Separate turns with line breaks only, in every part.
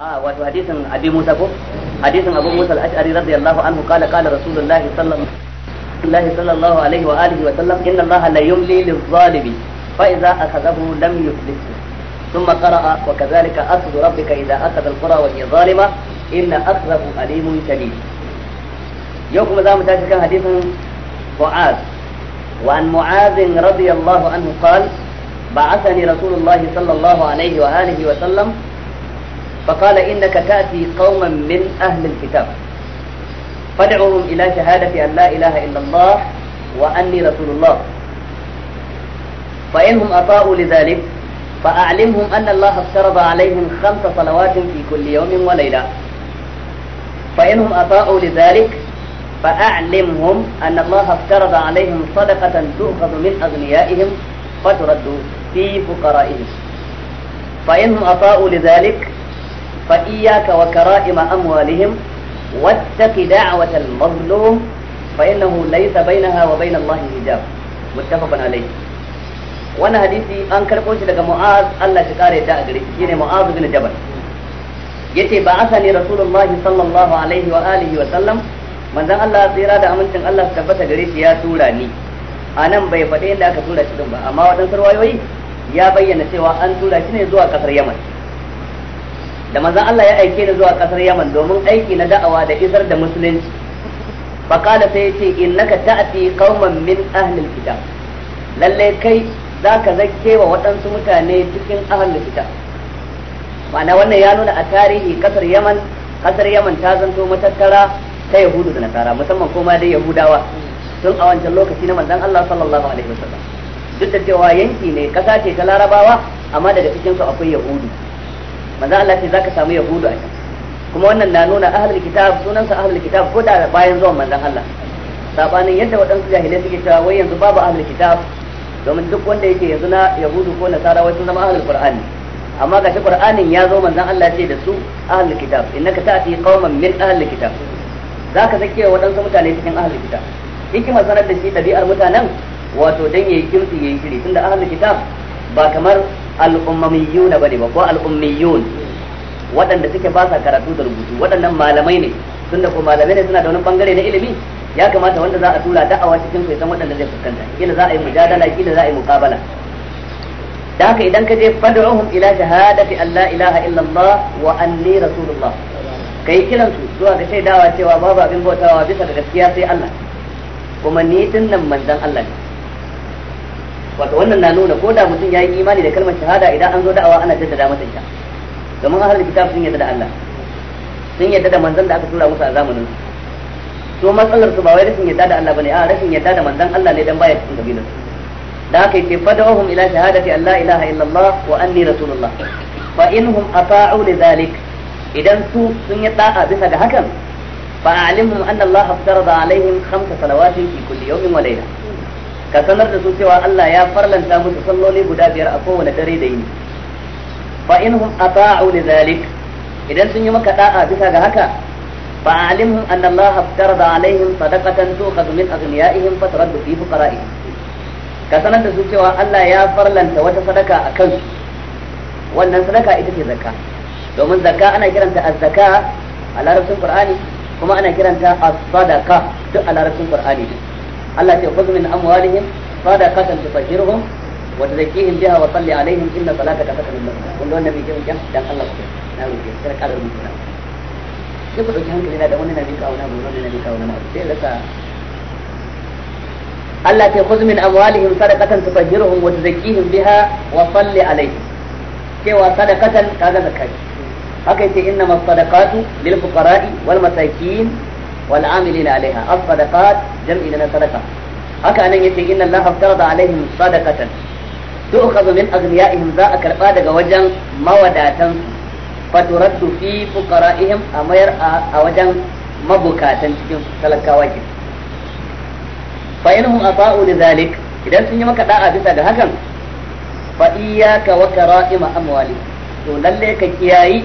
a ah, wato hadisin abi musa ko hadisin abu musa al-ash'ari radiyallahu anhu qala qala rasulullahi sallallahu alaihi sallallahu alaihi wa alihi wa sallam inna allaha la yumli lidh-zalimi fa idza ثم قرأ وكذلك أخذ ربك إذا أخذ القرى وهي ظالمة إن أخذه أليم شديد يوكم ذا متاشكا حديث معاذ وعن معاذ رضي الله عنه قال بعثني رسول الله صلى الله عليه وآله وسلم فقال إنك تأتي قوما من أهل الكتاب فدعوهم إلى شهادة أن لا إله إلا الله وأني رسول الله فإنهم أطاعوا لذلك فأعلمهم أن الله افترض عليهم خمس صلوات في كل يوم وليلة فإنهم أطاعوا لذلك فأعلمهم أن الله افترض عليهم صدقة تؤخذ من أغنيائهم فترد في فقرائهم فإنهم أطاعوا لذلك fa iyyaka wa kara'ima amwalihim wattaqi da'watal mazlum fa innahu laysa bainaha wa bain Allah hijab muttafaqun alayh wannan hadisi an karɓo shi daga Mu'az Allah ya kare ta a gare shi shine Mu'az bin Jabal yace ba asani rasulullahi sallallahu alaihi wa alihi wa sallam manzon Allah tsira da amincin Allah su tabbata ya tura ni a nan bai faɗi inda aka tura shi din ba amma waɗansu ya bayyana cewa an tura shi ne zuwa ƙasar Yaman da manzon Allah ya aike ni zuwa kasar Yaman domin aiki na da'awa da isar da musulunci faqala sai yace innaka ta'ti qauman min ahli kitab lalle kai zaka zakke wa waɗansu mutane cikin ahli kitab ma'ana wannan ya nuna a tarihi kasar Yaman kasar Yaman ta zanto matattara ta Yahudu da Nasara musamman kuma dai Yahudawa tun a wancan lokaci na manzon Allah sallallahu alaihi wasallam duk da cewa yanki ne kasa ce ta Larabawa amma daga cikin su akwai Yahudu manzo Allah ce zaka samu yahudu a can kuma wannan na nuna ahlul kitab sunan sa ahlul kitab ko da bayan zuwan manzon Allah sabanin yadda waɗansu jahilai suke cewa wai yanzu babu ahlul kitab domin duk wanda yake yanzu na yahudu ko nasara wai sun zama ahlul qur'ani amma ga shi qur'anin ya zo manzon Allah ce da su ahlul kitab innaka ta'ti qauman min ahlul kitab zaka sake waɗansu mutane cikin ahlul kitab hikimar sanar da shi ɗabi'ar mutanen wato dan yayi kimsi yayi shiri tunda ahlul kitab ba kamar al'ummamiyuna bane ba ko al'ummiyun waɗanda suke ba sa karatu da rubutu waɗannan malamai ne tunda ko malamai ne suna da wani bangare na ilimi ya kamata wanda za a tura da'awa cikin su san waɗanda zai fuskanta kila za a yi mujadala kila za a yi muqabala da haka idan ka je fad'uhum ila shahadati an la ilaha illallah wa anni rasulullah kai kiran su zuwa ga shaidawa cewa babu abin bautawa bisa ga gaskiya sai Allah kuma ni dinnan manzon Allah ne wato wannan na nuna ko da mutum ya yi imani da kalmar shahada idan an zo da'awa ana jaddada masa ita domin ahlul kitab sun yadda da Allah sun yadda da manzon da aka tura musu a zamanin su to matsalar su ba wai rashin yadda da Allah bane a rashin yadda da manzon Allah ne dan baya cikin kabilar su da aka yi fadawahum ila shahadati an la ilaha illallah wa anni rasulullah fa inhum ata'u li zalik idan su sun yi da'a bisa ga hakan fa a'limhum anna Allah aftarada alaihim khamsa salawati fi kulli yawmin wa layla ka sanar da su cewa Allah ya farlanta musu salloli guda biyar a kowane dare da yini fa in hum ata'u li zalik idan sun yi maka da'a bisa ga haka fa alimhum anna Allah aftarada alaihim sadaqatan tu'khadhu min aghniyaihim fa turaddu fi fuqara'ihim ka sanar da su cewa Allah ya farlanta wata sadaka a kansu wannan sadaka ita ce zakka domin zakka ana kiranta az-zakka a larabcin Qur'ani kuma ana kiranta as-sadaqa duk a larabcin Qur'ani Allah ce khudh min amwalihim sadaqatan tutahhiruhum wa tuzakkihim biha wa salli alaihim inna salataka sakanun lahum kun don nabi kiran kan dan Allah ku na rubuce sai ka rubuce na sai ku dauki hankali na da wani nabi kawo na mu wani nabi kawo na sai rasa Allah ce khudh min amwalihim sadaqatan tutahhiruhum wa tuzakkihim biha wa salli alaihim cewa sadaqatan kaga zakai haka yace innamas sadaqatu lil fuqara'i wal masakin wal amilina a as-sadaqat jam'i na sadaqa haka nan yace inna Allah aftarada alaihim sadaqatan tu'khadhu min aghniyaihim za a karba daga wajen mawadatan faturaddu fi fuqara'ihim a mayar a wajen mabukatan cikin talakawa ke fa inhum ata'u idan sun yi maka da'a bisa ga hakan fa iyyaka wa kara'ima amwali to lalle ka kiyayi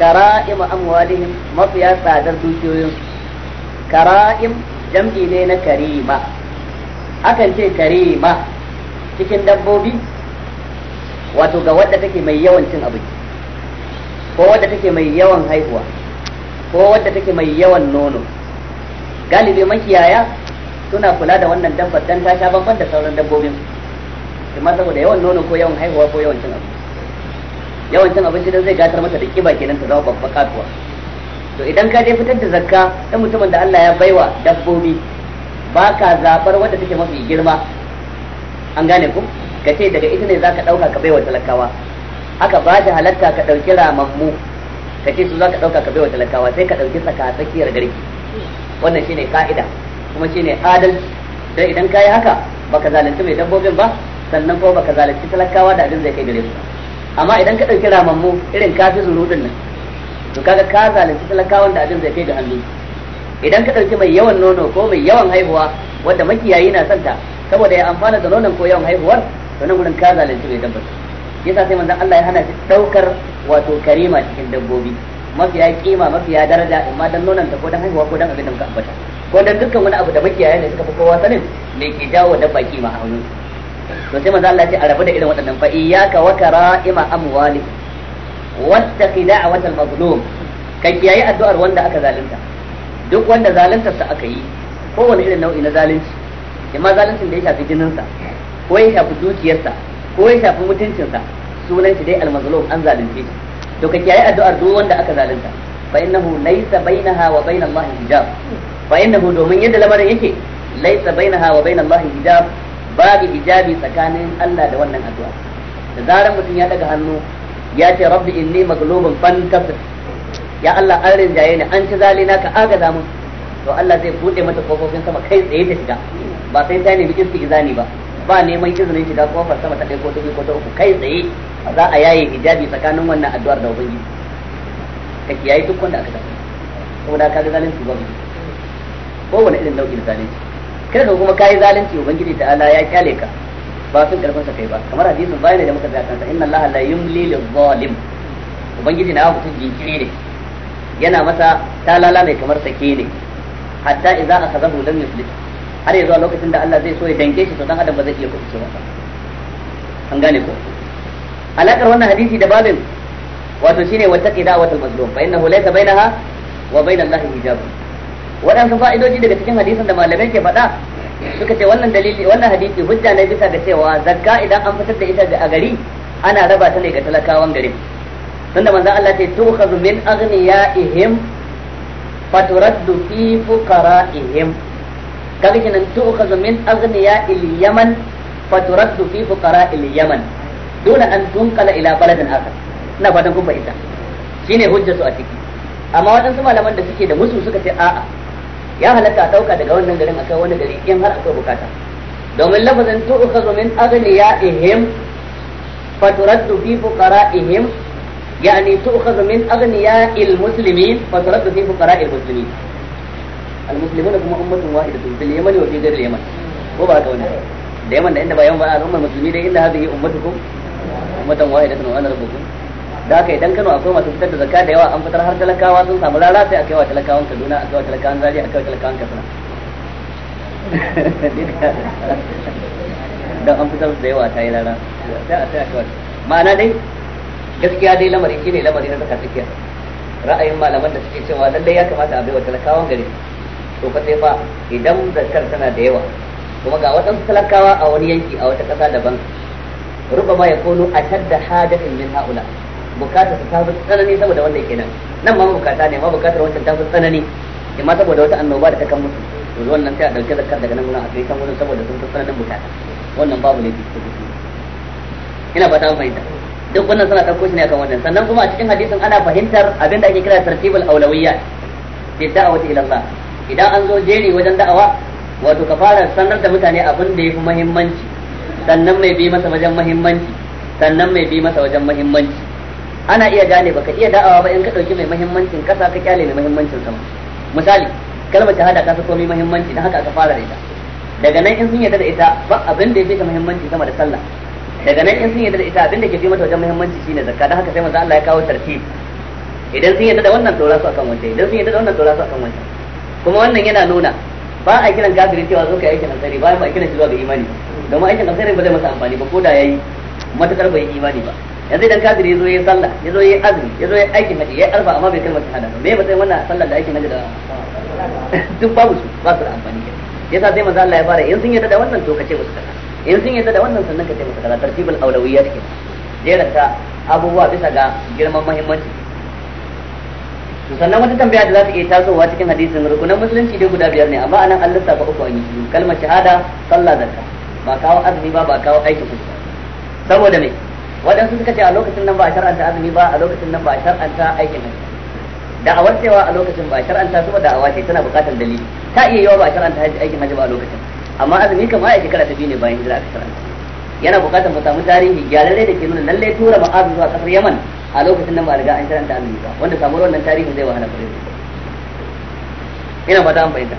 kara'ima amwalihim mafiya tsadar dukiyoyinsu kara'im jam'i ne na karima akan ce karima cikin dabbobi wato ga wadda take mai yawan cin abinci ko wadda take mai yawan haihuwa ko wadda take mai yawan nono galibi makiyaya suna kula da wannan dabbar dan ta sha bamban da sauran dabbobin kuma saboda yawan nono ko yawan haihuwa ko yawan cin abinci yawan cin abinci dan zai gatar mata da kiba kenan ta zama babba katuwa to idan ka je fitar da zakka ta mutumin da Allah ya baiwa dabbobi ba ka zabar wanda take mafi girma an gane ku ka ce daga ita ne za ka ɗauka ka baiwa talakawa aka ba da halatta ka ɗauki ramammu ka ce su za ka ɗauka ka baiwa talakawa sai ka ɗauki tsaka tsakiyar garki wannan shine ka'ida kuma shine adalci dan idan ka yi haka baka zalunci mai dabbobin ba sannan kuma baka zalunci talakawa da abin zai kai gare su amma idan ka ɗauki ramammu irin kafin zurudin nan to kaga ka zalunci talakawan da abin zai kai ga hannu idan ka ɗauki mai yawan nono ko mai yawan haihuwa wanda makiyayi na santa saboda ya amfana da nonon ko yawan haihuwar to nan gurin ka zalunci mai dabbar yasa sai manzon Allah ya hana shi ɗaukar wato karima cikin dabbobi mafiya kima mafiya daraja amma dan nonon ta ko dan haihuwa ko dan abin da muka ambata ko dan dukkan wani abu da makiyayi ne suka fi kowa sanin me ke jawo dabba kima a hannu. to sai manzo Allah ya ce a rabu da irin waɗannan fa iyyaka wa kara'ima amwali wattaqi da'watal mazlum ka kiyaye addu'ar wanda aka zalunta duk wanda zaluntar sa aka yi kowane irin nau'i na zalunci imma zaluncin da ya shafi jininsa ko ya shafi dukiyarsa ko ya shafi mutuncinsa sunan shi dai al almazlum an zalunce shi to ka kiyaye addu'ar duk wanda aka zalunta fa innahu laysa bainaha wa bain Allah hijab fa innahu domin yadda lamarin yake laysa bainaha wa bain Allah hijab babu hijabi tsakanin Allah da wannan addu'a da zaran mutum ya daga hannu ya ce rabbi inni maglubun fantasir ya Allah an rinjaye ni an ci zalina ka agaza mun to Allah zai bude mata kofofin sama kai tsaye ta shiga ba sai ta nemi istizani ba ba neman izinin shiga kofar sama ta ɗaya ko ta biyu ko ta uku kai tsaye za a yaye hijabi tsakanin wannan addu'ar da ubangiji ka kiyaye duk wanda aka tafi saboda ka ga zalunci ba ko wani irin nau'in zalunci kada ka kuma kayi zalunci ubangiji ta'ala ya kyale ka ba sun karfin sa kai ba kamar hadisin bayan da muka zaka inna allaha la yumli lil zalim ubangiji na mutum jinkiri ne yana masa talala mai kamar sake ne hatta idza akhadahu lam yuflih har yanzu a lokacin da Allah zai so ya danke shi to dan adam ba zai iya kuɓuce masa an gane ko alakar wannan hadisi da babin wato shine wattaqi da'watul mazlum fa innahu laysa bainaha wa bainal lahi hijab wadansu fa'idoji daga cikin hadisin da malamai ke faɗa suka ce wannan dalili wannan hadisi hujja ne bisa ga cewa zakka idan an fitar da ita a gari ana raba ta ne ga talakawan garin tunda manzon Allah ce tukhadhu min aghniyaihim faturaddu fi fuqara'ihim kaga kinan tukhadhu min aghniya'il yaman faturaddu fi fuqara'il yaman dole an tunkala ila baladin akhar ina fatan kun fahimta shine hujjar su a ciki amma waɗansu malaman da suke da musu suka ce a'a ya halatta a dauka daga wannan garin akai wani gari in har akwai bukata domin lafazin tu'khadhu min aghniyaihim faturaddu fi fuqara'ihim يعني تؤخذ من أغنياء المسلمين فترد في فقراء المسلمين المسلمون هم أمة واحدة في اليمن وفي غير اليمن وبارك الله دائما عندما يوم الأمة المسلمين إن هذه أمتكم أمة واحدة وأنا ربكم da haka idan Kano akwai masu fitar da zakka da yawa an fitar har talakawa sun samu rara sai a kai wa talakawan Kaduna a kai wa talakawan Zaria a kai wa talakawan Katsina dan an fitar da yawa ta yi rara sai a sai a kai ma'ana dai gaskiya dai lamari shine lamari na zaka tsakiya ra'ayin malaman da suke cewa lallai ya kamata a baiwa talakawan gari to fa sai fa idan zakkar tana da yawa kuma ga waɗansu talakawa a wani yanki a wata ƙasa daban rubama ya kono a tadda hadatin min ha'ula bukata su ta tafi tsanani saboda wannan kenan nan ma bukata ne ma bukatar wancan ta fi tsanani amma saboda wata annoba da ta kan musu to wannan sai a dauke zakar daga nan gurin a kai kan gurin saboda sun fi tsananin bukata wannan babu laifi ko ina fata ta fahimta duk wannan suna ɗauko shi ne akan wannan sannan kuma a cikin hadisin ana fahimtar abin da ake kira tartibul aulawiyya bi da'awati ila Allah idan an zo jeri wajen da'awa wato ka fara sanar da mutane abin da yafi muhimmanci sannan mai bi masa wajen muhimmanci sannan mai bi masa wajen muhimmanci ana iya gane baka iya da'awa ba in ka dauki mai muhimmancin kasa ka kyale mai muhimmancin sama misali kalmar shahada ta sako mai muhimmanci dan haka aka fara da ita daga nan in sun yarda da ita ba abin da ya fi ta muhimmanci sama da sallah daga nan in sun yarda da ita abin da ke fi mata wajen muhimmanci shine zakka dan haka sai manzo Allah ya kawo tarti idan sun yarda da wannan tsora su akan wancan idan sun yarda da wannan tsora su akan wancan kuma wannan yana nuna ba a kiran kafiri cewa zo kai aikin alkhairi ba ba a kiran shi zuwa ga imani domin aikin alkhairi ba zai masa amfani ba ko da yayi matakar bai imani ba yanzu idan kafiri yazo yayi sallah yazo yayi azumi yazo yayi aikin haji yayi alfa amma bai kalmar shahada ba me ba sai wannan sallar da aikin haji da duk babu su ba su da amfani yasa sai manzo Allah ya fara in sun yarda da wannan to kace musu kaza in sun yarda da wannan sannan kace musu kaza tartibul aulawiyya take jeranta abubuwa bisa ga girman muhimmanci sannan wata tambaya da za ta iya tasowa cikin hadisin rukunan musulunci dai guda biyar ne amma anan an lissafa uku an yi kalmar shahada sallah zakka ba kawo azumi ba ba kawo aikin hajji saboda me waɗansu suka ce a lokacin nan ba a shar'anta azumi ba a lokacin nan ba a shar'anta aikin hajji da'awar cewa a lokacin ba a shar'anta su ba da'awa ce tana buƙatar dalili ta iya yawa ba a shar'anta aikin hajji ba a lokacin amma azumi kamar a shekara ta biyu ne bayan hijira aka shar'anta yana buƙatar mu samu tarihi gyararre da ke nuna lallai tura ma'azu zuwa kasar yaman a lokacin nan ba a riga an shar'anta azumi ba wanda samuwar wannan tarihin zai wahala fure-fure. ina ta an fahimta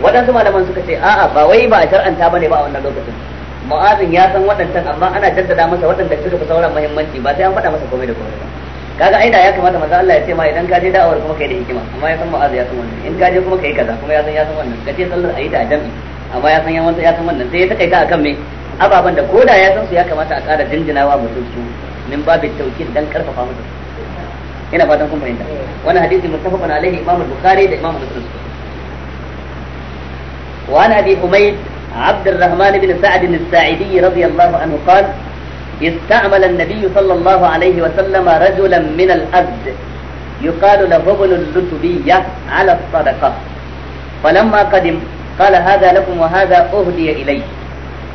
waɗansu malaman suka ce a'a ba wai ba a shar'anta ne ba a wannan lokacin ma'azin ya san waɗancan amma ana jaddada masa waɗanda suka fi sauran muhimmanci ba sai an faɗa masa komai da komai ba kaga aida ya kamata maza Allah ya ce ma idan ka je da'awar kuma kai da hikima amma ya san mu'az ya san wannan in ka je kuma kai kaza kuma ya san ya san wannan ka ce sallar ayi a jami'i amma ya san ya wanda ya san wannan sai ya ka akan me ababan da koda ya san su ya kamata a ƙara jinjinawa mutum su min babu tawkid dan karfafa musu ina fatan kun fahimta wannan hadisi muttafaqun alaihi imamu bukhari da imamu muslim wa an bi humayd عبد الرحمن بن سعد الساعدي رضي الله عنه قال استعمل النبي صلى الله عليه وسلم رجلا من الأزد يقال له ابن اللتبية على الصدقة فلما قدم قال هذا لكم وهذا أهدي إليه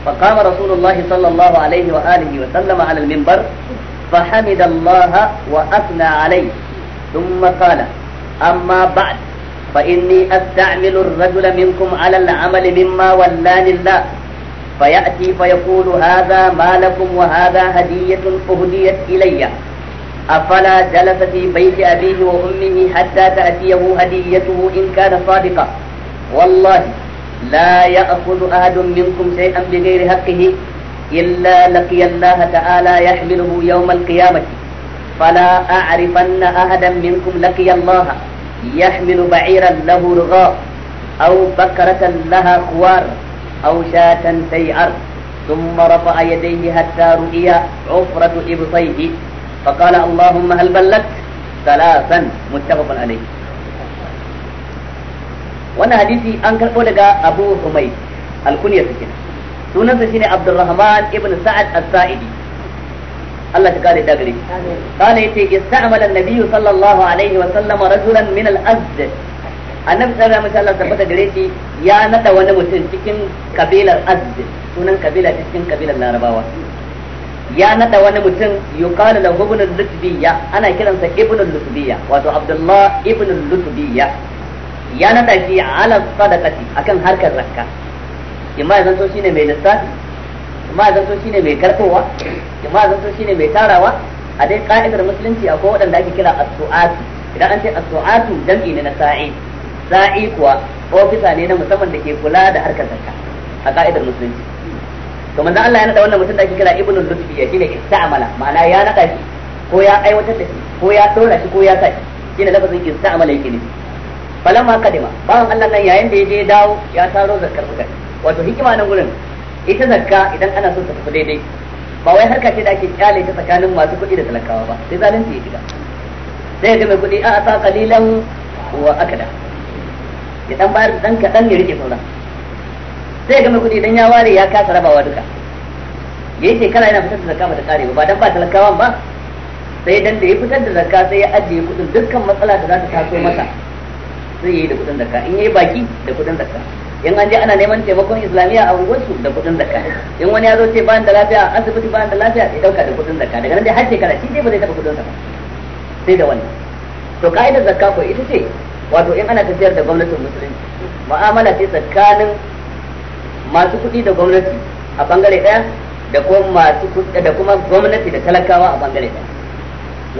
فقام رسول الله صلى الله عليه وآله وسلم على المنبر فحمد الله وأثنى عليه ثم قال أما بعد فإني أستعمل الرجل منكم على العمل مما ولاني الله فيأتي فيقول هذا ما لكم وهذا هدية أهديت إلي أفلا جلس في بيت أبيه وأمه حتى تأتيه هديته إن كان صادقا والله لا يأخذ أحد منكم شيئا بغير حقه إلا لقي الله تعالى يحمله يوم القيامة فلا أعرفن أحدا منكم لقي الله يحمل بعيرا له رغاء أو بكرة لها خوار أو شاة سيعر ثم رفع يديه حتى رؤي عفرة إبطيه فقال اللهم هل بلغت ثلاثا متفق عليه wannan hadisi an karɓo daga Abu Humayd alkunyar sa kenan sunansa shine Abdulrahman ibn Sa'ad as-Sa'idi Allah ta kare ta gare shi kana yace ista'mala an-nabiy sallallahu alaihi wa sallam rajulan min al-azd annabi sallallahu alaihi wasallam tabbata gare shi ya nada wani mutum cikin kabilar azd sunan kabila cikin kabilar larabawa ya nada wani mutum yuqalu lahu ibn al-lutbiyya ana kiransa ibn al-lutbiyya wato abdullah ibn al-lutbiyya ya nada shi ala sadaqati akan harkar zakka imma yanzu shine mai lissafi amma ya zanto shine mai karkowa amma ya zanto shine mai tarawa a dai ka'idar musulunci akwai waɗanda ake kira as-su'atu idan an ce as-su'atu jam'i ne na sa'i sa'i kuwa ofisa ne na musamman da ke kula da harkar zakka a ka'idar musulunci to manzo Allah ya nada wannan mutum da ake kira ibnul lutfi ya shine ista'mala ma'ana ya nada shi ko ya aiwatar da shi ko ya dora shi ko ya sa shi shine lafazin ista'mala yake ne falamma kadima bawan Allah nan yayin da ya je dawo ya taro zakkar mutane wato hikima nan gurin ita zakka idan ana son ta tafi daidai ba wai harka ce da ake kyale ta tsakanin masu kuɗi da talakawa ba sai zalunci ya shiga sai ga mai kuɗi a ata qalilan wa akada ya dan bayar da dan kadan ya rike sauran sai ga mai kuɗi idan ya ware ya kasa rabawa duka yayi shekara yana fitar da zakka ba ta kare ba dan ba talakawan ba sai dan da ya fitar da zakka sai ya ajiye kuɗin dukkan matsala da za ta taso masa sai yayi da kuɗin zakka in yayi baki da kuɗin zakka in an je ana neman taimakon islamiyya a unguwarsu da kudin zakka in wani ya zo ce bayan da lafiya asibiti bayan da lafiya ya dauka da kudin zakka daga nan dai har shekara shi dai ba zai taba kudin zakka sai da wannan to ka'idar zakka ko ita ce wato in ana tafiyar da gwamnatin musulunci mu'amala ce tsakanin masu kuɗi da gwamnati a bangare ɗaya da kuma masu da kuma gwamnati da talakawa a bangare ɗaya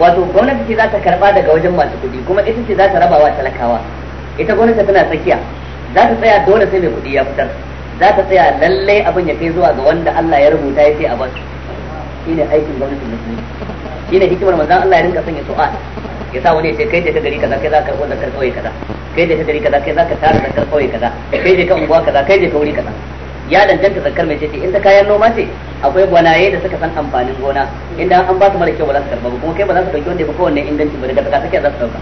wato gwamnati ce za ta karba daga wajen masu kuɗi kuma ita ce za ta rabawa talakawa ita gwamnati tana tsakiya za ta tsaya dole sai mai kuɗi ya fitar za ta tsaya lalle abin ya kai zuwa ga wanda Allah ya rubuta ya ce a Shi shine aikin gwamnatin musulmi shine hikimar manzon Allah ya rinka sanya su'al ya sa wani ya ce kai je ka gari kaza kai za ka karɓo zakar kauye kaza kai je ka gari kaza kai za ka tara zakar kauye kaza kai je ka unguwa kaza kai je ka wuri kaza ya danganta zakar mai ce eh, in ta kayan noma ce akwai gwanaye da suka san amfanin gona inda an ba su mara kyau ba za su karɓa ba kuma kai ba za su ɗauki wanda ya fi kowanne inganci ba daga ta za su ɗauka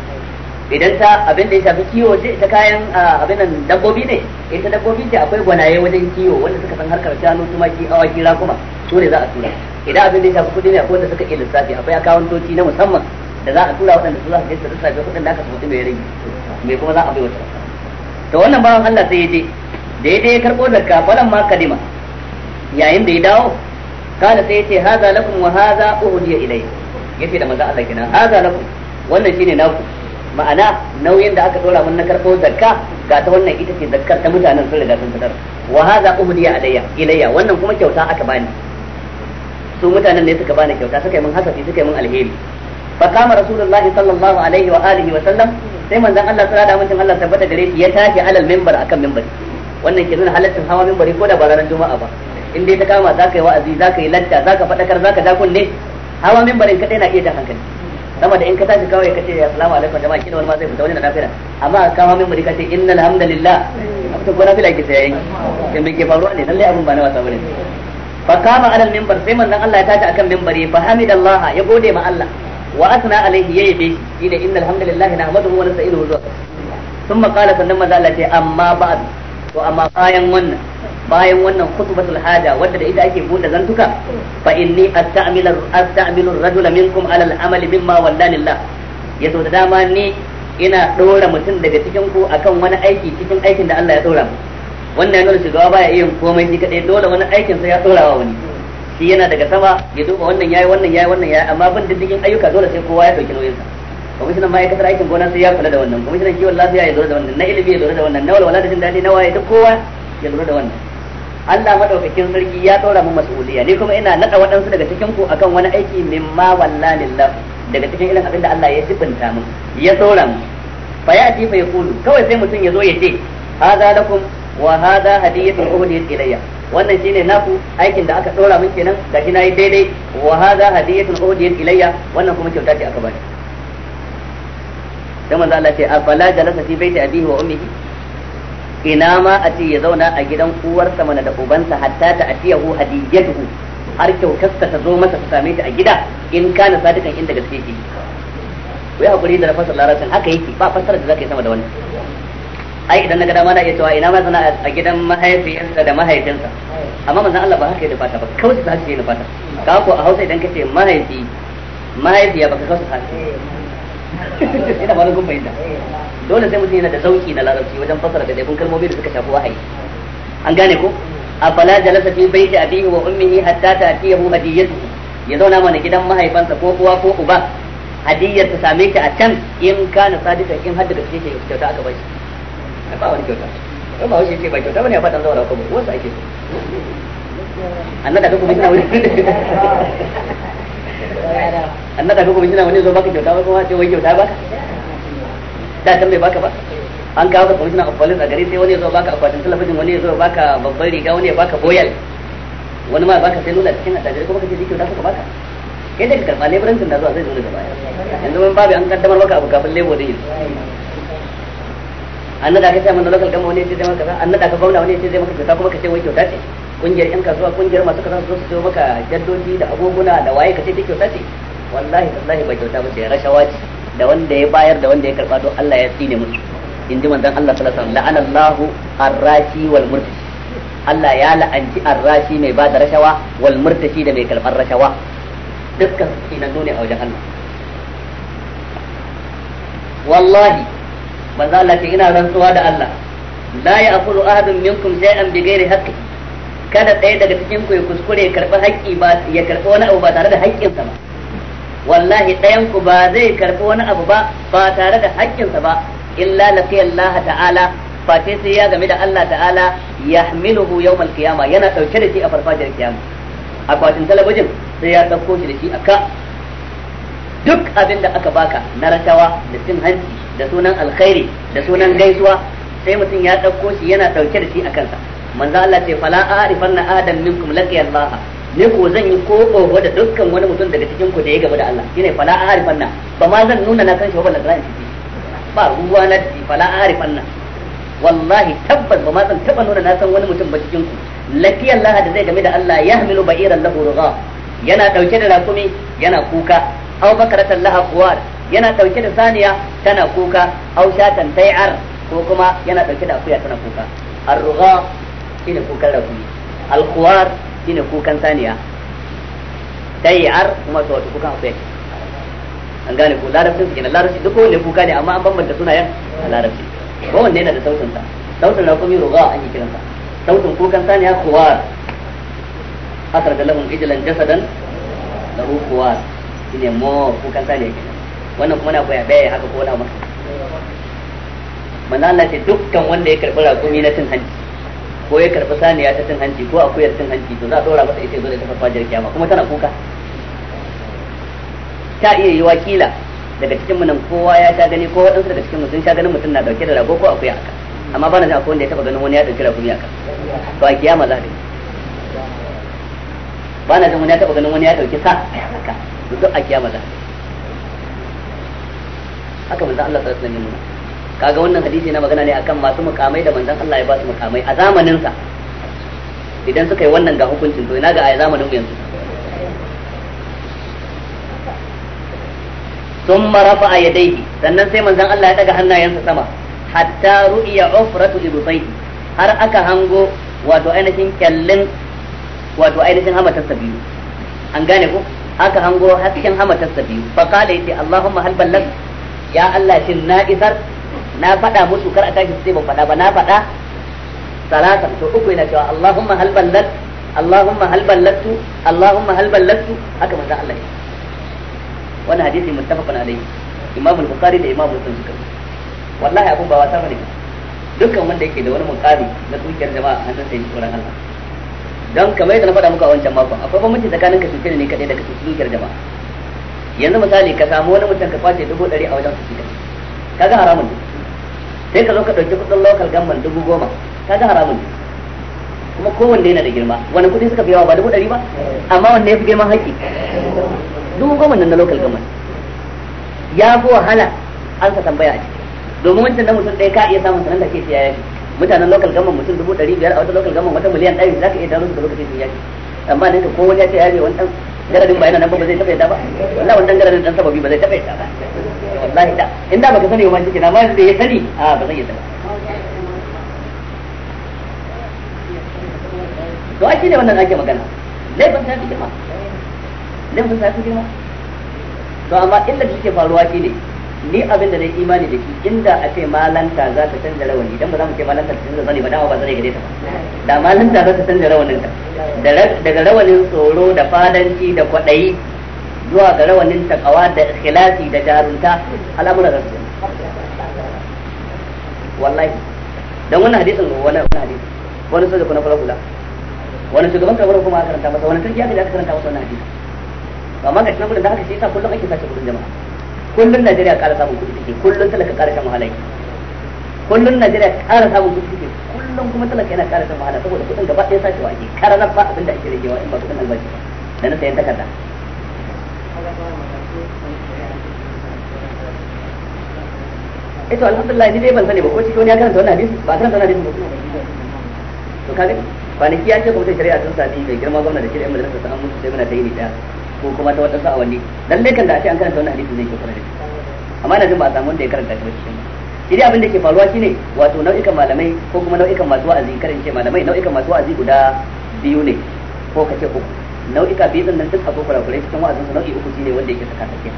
idan ta abin da ya shafi kiwo ce ta kayan abin nan dabbobi ne in ta dabbobi ce akwai gwanaye wajen kiwo wanda suka san harkar shanu tumaki awaki rakuma su ne za a tura idan abin da ya shafi kudi ne akwai wanda suka iya lissafi akwai akawuntoci na musamman da za a tura waɗanda su za su je su lissafi kudin da aka samu mai rage me kuma za a bai wata to wannan bawan Allah sai ya je da ya je ya karɓo zakka falan ma kalima yayin da ya dawo kana sai ya ce haza lakum wa haza uhudiya ilayhi yace da manzo Allah kina haza lakum wannan shine naku ma'ana nauyin da aka dora mun na karɓo zakka ga ta wannan ita ce zakkar ta mutanen sun riga sun fitar wa hadha ubudiya alayya ilayya wannan kuma kyauta aka bani su mutanen ne suka bani kyauta suka yi mun hasafi suka yi mun alheri fa kama rasulullah sallallahu alaihi wa alihi wa sallam sai manzon Allah tsara da mutum Allah tabbata gare shi ya tashi alal minbar akan minbar wannan ke nuna halaccin hawa minbari ko da ba ranar juma'a ba in dai ta kama za ka yi wa'azi za ka yi lacca za ka faɗakar za ka ja kunne hawa minbarin kaɗai na iya jan hankali sama da in ka tashi kawai ka ce ya assalamu alaikum jama'a kina wani ma zai fita wani na nafila amma ka kawo min ka ce innal hamdalillah abin ko nafila ke sai in me ke faruwa ne lalle abun ba na wasa bane fa kama alal minbar sai manzon Allah ya tashi akan minbari fa hamidallah ya gode ma Allah wa asna alaihi yayi bi shi shine innal hamdalillah nahmaduhu wa nasta'inuhu wa ثم قال sannan manzon Allah ce amma ba'd to amma bayan wannan bayan wannan khutbatul haja wadda da ita ake bude zantuka fa inni astamilu astamilu rajula minkum ala al-amali mimma Ya yato da dama ni ina dora mutum daga cikin ku akan wani aiki cikin aikin da Allah ya dora mu wannan nuna shugaba baya iya komai shi kadai dole wani aikin sa ya dora wa wani shi yana daga sama ya duba wannan yayi wannan yayi wannan yayi amma bin diddigin ayyuka dole sai kowa ya dauki nauyin sa kwamishinan ma'aikatar aikin gona sai ya kula da wannan kwamishinan kiwon lafiya ya lura da wannan na ilimi ya lura da wannan na walwala da jin daɗi na waye ta kowa ya lura da wannan Allah madaukakin sarki ya tsora mu mas'uliyya ni kuma ina nada waɗansu daga cikin ku akan wani aiki mimma walla lillah daga cikin irin abin da Allah ya jibinta mu ya tsora mu fa ji fa yaqulu kawai sai mutum ya zo ya ce hada lakum wa hada hadiyatun uhdiyat ilayya wannan shine naku aikin da aka tsora min kenan gashi yi daidai wa hada hadiyatun uhdiyat ilayya wannan kuma kyauta ce aka bani dan manzo Allah ce afala jalasa fi baiti abihi wa ummihi ina ma a ce ya zauna a gidan uwarsa mana da ubansa hatta ta atiyahu hadiyatuhu har kyautarsa ta zo masa ta same ta a gida in kana sadikan inda gaske ke ku yi hakuri da na fasar larabcin haka yake ba fasar da zaka yi sama da wannan ai idan na ga dama na iya cewa ina ma zana a gidan mahaifiyarsa da mahaifinsa amma manzon Allah ba haka ya fata ba kawai ta haka ya fata ka ko a Hausa idan kace mahaifi mahaifiya baka kausa haka ina ba kun fahimta dole sai mutum yana da sauki na larabci wajen fasara da daifin kalmomi da suka shafi wahayi an gane ko fala jalasa fi baiti abihi wa ummihi hatta ta ta'tiyahu hadiyatu ya zauna mana gidan mahaifansa ko uwa ko uba hadiyar ta same ta a can in kana sadika in hadda da kake kyauta aka bashi ba wani kyauta ba wani kyauta ba kyauta bane ya fadan zaura ko wasu ake so
annan da kuma
annada ga gwamnati wani zo baka kyauta ba kuma ce wai kyauta ba da ta bai baka ba an kawo ka kwamishinan of police a gari sai wani zo baka akwatin talabijin wani zo baka babban riga wani baka boyal wani ma baka sai nuna cikin attajiri kuma kace kyauta ka baka kai da ka karɓa leburancin da zuwa zai zuwa daga baya yanzu mun babu an kaddamar maka abu kafin lebo da yanzu an nada ka sai mun local gama wani ya ce zai maka kaza an nada ka gwamna wani ya ce zai maka kyauta kuma ka ce wai kyauta ce kungiyar yan kasuwa kungiyar masu kasa su zo maka jaddoji da agoguna da waye kace ta kyauta ce wallahi wallahi ba kyauta ba ce rashawa ce da wanda ya bayar da wanda ya karba to Allah ya tsine musu in ji manzon Allah sallallahu alaihi wasallam la'anallahu Allahu arrashi wal murtashi Allah ya la'anci arrashi mai ba da rashawa wal murtashi da mai karbar rashawa dukkan su kinan dole a wajen Allah wallahi manzon Allah ce ina rantsuwa da Allah la akulu ahadun minkum shay'an ghairi haqqihi kada ɗaya daga cikin ku ya kuskure ya karɓi haƙƙi ba ya karɓi wani abu ba tare da haƙƙinsa ba wallahi ɗayan ku ba zai karɓi wani abu ba ba tare da haƙƙinsa ba illa laqiya Allah ta'ala fa sai sai ya game da Allah ta'ala yahmiluhu yawmal qiyama yana dauke da shi a farfajiyar kiyama akwatin talabijin sai ya dauko shi da shi aka duk abin da aka baka na ratawa da cin hanci da sunan alkhairi da sunan gaisuwa sai mutum ya dauko shi yana dauke da shi a kansa manzo Allah ce fala a'rifanna adam minkum laqiya Allah ne ko zan yi ko gogo da dukkan wani mutum daga cikin ku da ya gaba da Allah shine fala a'rifanna ba ma zan nuna na san shi ba ballan ran ba ruwa na ji fala a'rifanna wallahi tabbas ba ma zan taba nuna na san wani mutum ba cikin ku laqiya Allah da zai game da Allah yahmilu ba'iran lahu rugha yana dauke da rakumi yana kuka aw bakaratan laha quwar yana dauke da saniya tana kuka aw shatan tai'ar ko kuma yana dauke da akuya tana kuka arruga shine kukan rafi alkuwar shine kukan saniya dai'ar kuma to wato kukan akuya an gane ko larabcin su kenan larabci duk wanda kuka ne amma an bambanta sunayen a larabci ko wanne yana da sautin sa sautin kuma ruwa an yi kiransa sautin kukan saniya kuwar akar da lahum ijlan jasadan da kuwar shine mo kukan saniya kenan wannan kuma na koya bai haka ko na maka manana ce dukkan wanda ya karbi rakumi na cin hanci ko ya karɓi saniya ta cin hanci ko akuyar cin hanci to za a ɗora masa ita zo da ta farfajiyar kiyama kuma tana kuka ta iya yi wakila daga cikin nan kowa ya sha gani ko waɗansu daga cikin sun sha ganin mutum na ɗauke da rago ko akuya haka? amma bana jin akwai wanda ya taɓa ganin wani ya ɗauki rago aka to a kiyama za ka yi bana jin wani ya taɓa ganin wani ya ɗauki sa aka duk a kiyama za ka yi haka manzon Allah sallallahu alaihi wasallam ya na. kaga wannan hadisi na magana ne akan masu mukamai da manzon Allah ya ba su mukamai a zamanin sa idan suka yi wannan ga hukuncin to ina ga a zamanin yanzu thumma rafa'a yadayhi sannan sai manzon Allah ya daga hannayensa sama hatta ru'iya ufratu ibtayhi har aka hango wato ainihin kyallin wato ainihin hamatarsa biyu an gane ko aka hango hasken hamatarsa biyu fa kale yace Allahumma hal ballag ya Allah shin na isar na faɗa musu kar a tashi sai ban faɗa ba na faɗa salatan to uku yana cewa Allahumma hal ballat Allahumma hal ballatu Allahumma hal ballatu haka manzo Allah ya wannan hadisi muttafaqun alayhi Imam al-Bukhari da Imam Muslim suka wallahi abun ba wasa bane dukkan wanda yake da wani muqami na dukkan jama'a hannun sai tsoron Allah don kamar yadda na faɗa muku a wancan makon akwai bambanci tsakanin ka cuce ne kadai da ka cuce jama'a yanzu misali ka samu wani mutum ka kwace dubu ɗari a wajen Ka kaga haramun ne sai ka zo ka ɗauki kuɗin local gamman dubu goma ka ga haramun ne kuma kowanne yana da girma wani kuɗi suka fi yawa ba dubu ɗari ba amma wanne ya fi girman haƙƙi dubu goma nan na local gamman ya fi wahala an sa tambaya a ciki domin wancan na mutum ɗaya ka iya samun sanar da ke ya yaki mutanen local gamman mutum dubu ɗari biyar a wata local gamman wata miliyan ɗari za ka iya dawo su da lokacin ya yaki. amma ne ka kowanne ya ce ya yafi wani ɗan garadin ba yana nan ba zai taɓa yadda ba wannan wannan garadin ɗan sababi ba zai taɓa yadda ba wallahi da in da baka sani ba shi kenan ma yanzu ya sani a ba zan yi sani to ai shine wannan ake magana laifin ta fi girma laifin ta fi girma to amma illa da take faruwa ne. ni abin da na imani da shi inda a ce malanta za ta canza rawani idan ba za mu ce malanta ta canza sani ba dama ba zane gare ta ba da malanta za ta canza rawanin ta daga rawanin tsoro da fadanci da kwaɗayi zuwa ga rawanin takawa da ikhlasi da jarunta al'amuran rasu wallahi dan wannan hadisin wani wannan hadisi wani sai da kuna fara kula wani shugaban ka kabar kuma karanta masa wani turkiya ne da aka karanta masa wannan hadisi amma ga cikin da haka shi yasa kullum ake sace kudin jama'a kullum Najeriya ƙara samun kudi take kullum talaka ƙara shan wahala kullum Najeriya ƙara samun kudi take kullum kuma talaka yana ƙara shan wahala saboda kudin gaba ɗaya sace wa ake ƙara ba abin da ake ragewa in ba kudin albashi ba da na sayan takarda ita eh, alhamdulillah ni dai ban sani ba ko cikin wani ya karanta wannan hadisi ba karanta wannan hadisi ba to kaga kwanaki ya ce kuma shari'a sun sami bai girma gwamnati da shari'a majalisar ta an sai muna ta yini daya ko kuma ta wadansu awanni lallai kan da a ce an karanta wannan hadisi zai fara kwarai amma na jin ba a samu wanda ya karanta shi ba cikin idan abin da ke faruwa shine wato nau'ikan malamai ko kuma nau'ikan masu wa'azi karin ce malamai nau'ikan masu wa'azi guda biyu ne ko kace uku nau'ika biyu din nan duk akwai kurakurai cikin wa'azin su nau'i uku shine wanda yake saka sake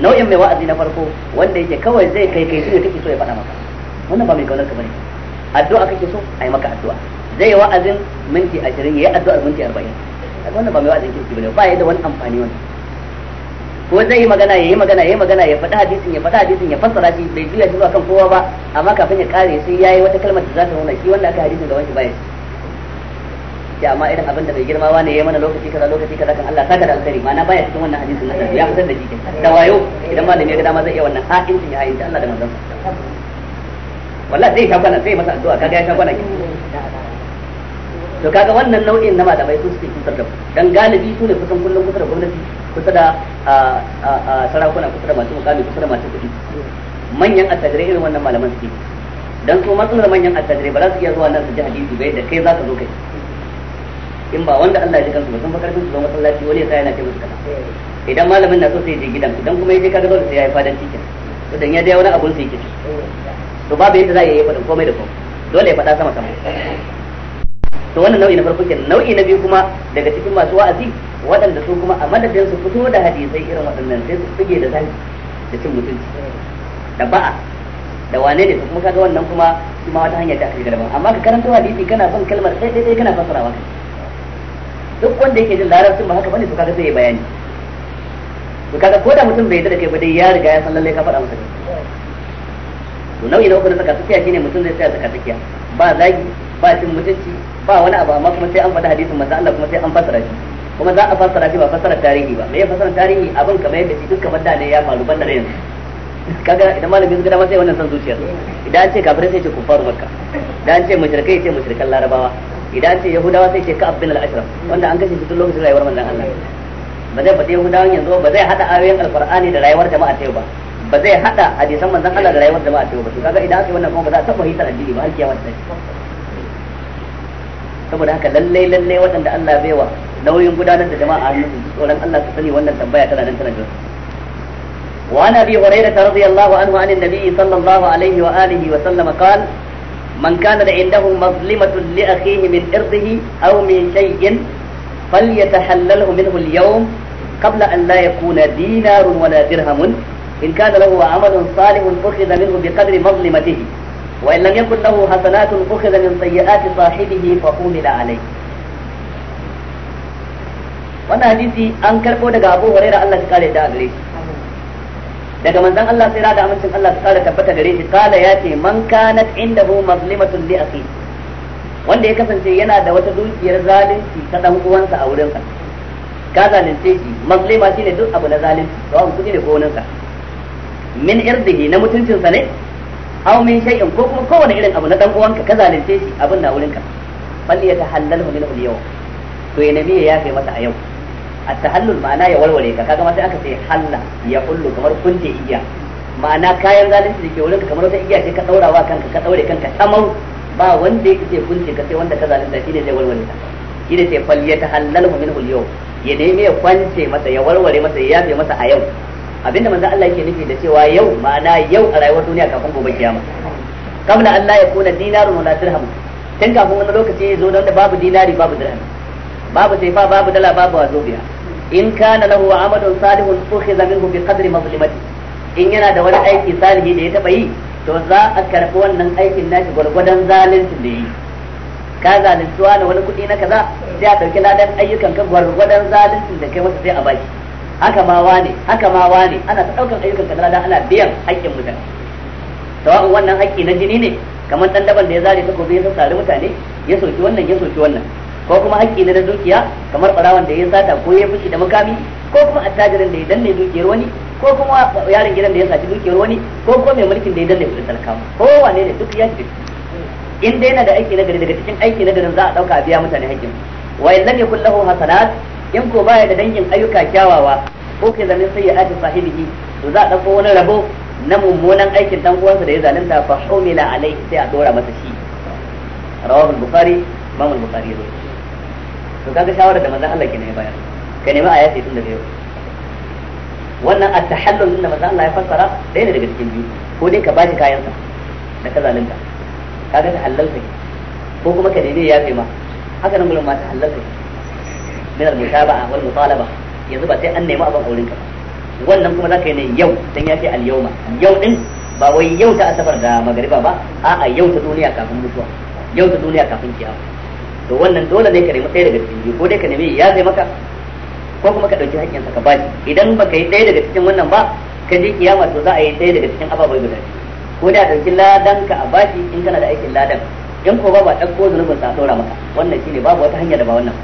nau'in mai wa'azi na farko wanda yake kawai zai kai kai shine kake so ya faɗa maka wannan ba mai kaunar ka bane addu'a kake so a yi maka addu'a zai wa'azin minti 20 yayi addu'a minti 40 wannan ba mai wa'azin kirki bane ba ya da wani amfani wannan ko zai yi magana yayi magana yayi magana ya faɗi hadisin ya faɗi hadisin ya fassara shi bai juya zuwa kan kowa ba amma kafin ya kare sai yayi wata kalmar da za ta nuna shi wanda aka hadisin gaban wani baya sai amma irin abin da bai girma ba ne ya mana lokaci kaza lokaci kaza kan Allah saka da alkhairi ma'ana baya cikin wannan hadisin na ya fitar da jikin da wayo idan malami ya ga dama zai iya wannan ha'inci ya ha'inci Allah da manzon wallahi zai kwana zai masa addu'a kaga ya shakwana ki to kaga wannan nau'in na malamai su suke kusa da dan galibi su ne kusan kullum kusa da gwamnati kusa da sarakuna kusa da masu mukami kusa da masu kuɗi manyan attajirai irin wannan malaman suke dan su matsalar manyan attajirai ba za su iya zuwa nan su ji hadisi bai da kai za ka zo kai in ba wanda Allah ya ji kansu ba sun fa karfin su zama masallaci wani ya yana ce musu kaza idan malamin na so sai ya je gidan idan kuma ya je kaga dole sai ya yi fadan cikin dan ya je wani abun sai ya kici to babu yadda za a yi faɗin komai da komai dole ya faɗa sama sama to wannan nau'i na farko kenan nau'i na biyu kuma daga cikin masu wa'azi waɗanda su kuma a madadin su fito da hadisai irin waɗannan sai su fige da zani da cin mutunci da ba'a da wane ne kuma kaga wannan kuma shi ma wata hanya ta ga daban amma ka karanta hadisi kana son kalmar sai dai kana fassarawa kai duk wanda yake jin larabcin ba haka bane to kaga sai ya bayani to kaga ko da mutum bai yarda da kai ba dai ya riga ya san lalle ka faɗa masa to nau'i na uku na saka tsakiya shine mutum zai tsaya saka tsakiya ba zagi ba cin mutunci ba wani abu amma kuma sai an faɗi hadisin manzo Allah kuma sai an fassara shi kuma za a fassara shi ba fassara tarihi ba me ya fassara tarihi abin kamar yadda shi duk kamar da ne ya faru banda ne yanzu kaga idan malami sun gada sai wannan san zuciya idan an ce kafirai sai ce kufar makka idan an ce mushrikai sai mushrikan larabawa idan an ce yahudawa sai ce ka'ab bin al-ashraf wanda an kashe shi tun lokacin rayuwar manzon Allah ba zai faɗi yahudawan yanzu ba zai hada ayoyin alqur'ani da rayuwar jama'a ta yau ba ba zai hada hadisan manzon Allah da rayuwar jama'a ta yau ba to kaga idan aka yi wannan kuma ba za a taba hitar addini ba har kiyama ta saboda haka lallai lallai waɗanda Allah baiwa nauyin gudanar da jama'a a hannun tsoron Allah su sani wannan tambaya tana nan tana jirgin وعن ابي هريره رضي الله عنه عن النبي صلى الله عليه واله وسلم قال من كان عنده مظلمه لاخيه من ارضه او من شيء فليتحلله منه اليوم قبل ان لا يكون دينار ولا درهم ان كان له عمل صالح اخذ منه بقدر مظلمته وان لم يكن له حسنات اخذ من سيئات صاحبه فحمل عليه wannan hadisi an karbo daga Abu Hurairah Allah ya kare da gare shi daga manzon Allah sai da amincin Allah ta kara tabbata gare shi kala ya ce man kanat indahu mazlimatun li akhi wanda ya kasance yana da wata dukiyar zalunci ta dan uwansa a wurin sa ka zalunce shi mazlima shine duk abu na zalunci sawa'un kudi ne ko wani sa min irdihi na mutuncin sa ne aw min shay'in ko kuma kowane irin abu na dan uwanka ka zalunce shi abin na wurin ka falli ya tahallalhu minhu al-yawm to ya nabi ya yafe masa a yau at-tahallul ma'ana ya walwale ka kaga ma sai aka ce halla ya kullu kamar kunce igiya ma'ana kayan zalunci da ke wurin kamar wata igiya ce ka daura wa kanka ka daure kanka tamau ba wanda yake ce kunce ka sai wanda ka zalunta shine zai walwale ka shine sai fal ya tahallalu minhu al-yawm ya neme ya kwance masa ya walwale masa ya yafe masa a yau abinda manzo Allah yake nufi da cewa yau ma'ana yau a rayuwar duniya kafin gobe kiyama kabla Allah ya kuna dinarun wala dirham tun kafin wani lokaci ya zo da babu dinari babu dirham babu saifa babu dala babu wazobiya in kana lahu amadun salihun ukhiza minhu bi qadri mazlimati in yana da wani aiki salihi da ya taba yi to za a karbi wannan aikin nashi gwargwadon zalincin da yi ka zalintuwa da wani kuɗi na kaza sai a ɗauki ladan ayyukan ka gwargwadon zalincin da kai masa sai a baki haka ma wane haka ma wane ana ta ɗaukar ayyukan ka ladan ana biyan haƙƙin mutane sawa'un wannan haƙƙi na jini ne kamar ɗan daban da ya zare takobi ya sassare mutane ya soki wannan ya soki wannan ko kuma haƙƙi na dukiya kamar barawan da ya sata ko ya fushi da makami ko kuma attajirin da ya danne dukiyar wani ko kuma yaron gidan da ya saci dukiyar wani ko kuma mai mulkin da ya danne kudin talakawa ko wane ne duk ya ji in dai yana da aiki na gari daga cikin aiki na garin za a dauka a biya mutane haƙƙin wa in lam yakul lahu hasanat in ko baya da dangin ayyuka kyawawa ko kai zamin sai ya ati sahibihi to za a dauko wani rabo na mummunan aikin dan uwansa da ya zalunta fa humila alai sai a dora masa shi rawahu bukhari bukhari to kaga shawara da manzon Allah kenan ya bayar ka nemi aya yace tun daga yau wannan at-tahallul din da manzon Allah ya fassara dai ne daga cikin biyu ko dai ka bashi kayan sa da ka zalunta kaga ta halalta ko kuma ka nemi ya yafe ma haka nan gurin ma ta halalta min al-mutaba'a wal mutalaba yanzu ba sai an nemi abin aurenka wannan kuma zaka yi ne yau dan ya ce al-yawma yau din ba wai yau ta asabar da magariba ba a'a yau ta duniya kafin mutuwa yau ta duniya kafin kiyama to wannan dole ne ka nemi ɗaya daga cikin biyu ko dai ka nemi ya zai maka ko kuma ka ɗauki hakkin ka bashi idan baka yi ɗaya daga cikin wannan ba ka je kiyama to za a yi ɗaya daga cikin ababai guda ko da ɗauki ladan ka a bashi in kana da aikin ladan in ko ba ba ɗauko zunubin sa a ɗora maka wannan shine babu wata hanya da ba wannan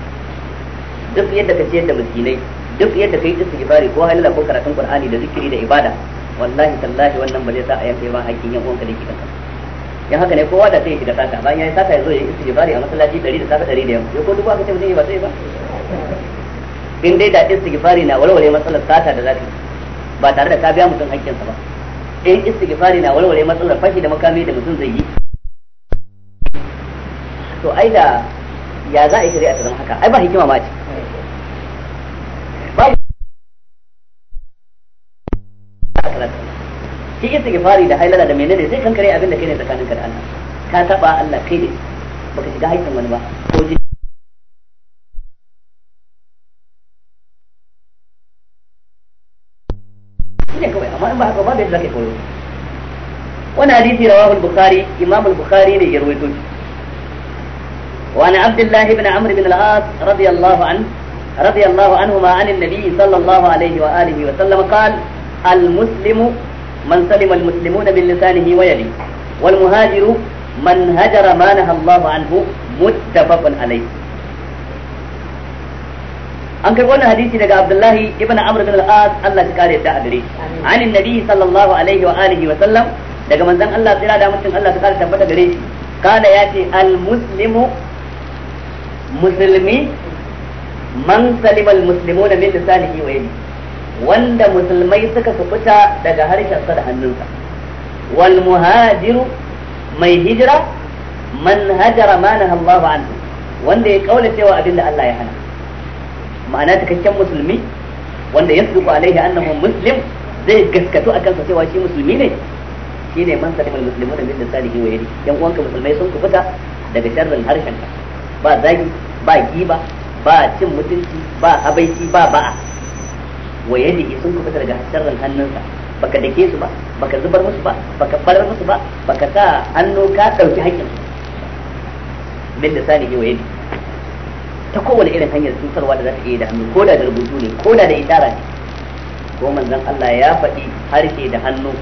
duk yadda ka ciyar da miskinai duk yadda ka yi istighfari ko halila ko karatun qur'ani da zikiri da ibada wallahi tallahi wannan ba zai sa a yanke ba hakkin yan uwanka da ke kanka in haka ne kowa da sai ya shiga sata bayan yi sata ya zo ya yi istighfari a masallaci 100 da sata 100 da yamma ko duk aka ce mutum ba sai ba in dai da istighfari na walwale matsalar sata da zaka ba tare da ka biya mutum hakkin sa ba in istighfari na walwale matsalar fashi da makami da mutum zai yi to ai da ya za a yi shari'a ta zama haka ai ba hikima ma ce shi istighfari da hailala da menene sai kankare abin da kai ne tsakanin ka da Allah ka taba Allah kai ne baka shiga haƙƙin wani ba ko ji ne kawai amma in ba haka ba bai zaka koyo wannan hadisi rawahu al-bukhari imam al-bukhari ne ya rawaito shi وعن عبد الله بن عمرو بن العاص رضي الله عنه رضي الله عنهما عن النبي صلى الله عليه وآله وسلم قال المسلم من سلم المسلمون من لسانه ويده والمهاجر من هجر ما نهى الله عنه متفق عليه an kai wannan hadisi daga Abdullahi ibn Amr bin al-As Allah ya kare da adire an annabi sallallahu alaihi wa alihi wa sallam daga manzon Allah tsira da mutum Allah ya kare tabbata gare shi kana yace al-muslimu muslimi man min wanda musulmai suka kubuta daga harshensa da hannunsa wal muhajiru mai hijira man hajara ma naha anhu wanda ya kaula cewa abinda Allah ya hana ma'ana cikakken musulmi wanda yasduqu alaihi annahu muslim zai gaskatu akan sa cewa shi musulmi ne ne man salimul muslimuna min lisanihi wa yadihi yan uwanka musulmai sun kubuta daga sharrin harshen ba zagi ba giba ba cin mutunci ba abaiki ba ba'a wa yadihi sun kubuta daga sharrin hannunsa baka dake su ba baka zubar musu ba baka barar musu ba baka sa hannu ka dauki hakkin su min ne wa yadihi ta kowane irin hanyar cutarwa da za ta iya da hannu ko da da rubutu ne ko da da idara ne ko manzon Allah ya faɗi harke da hannu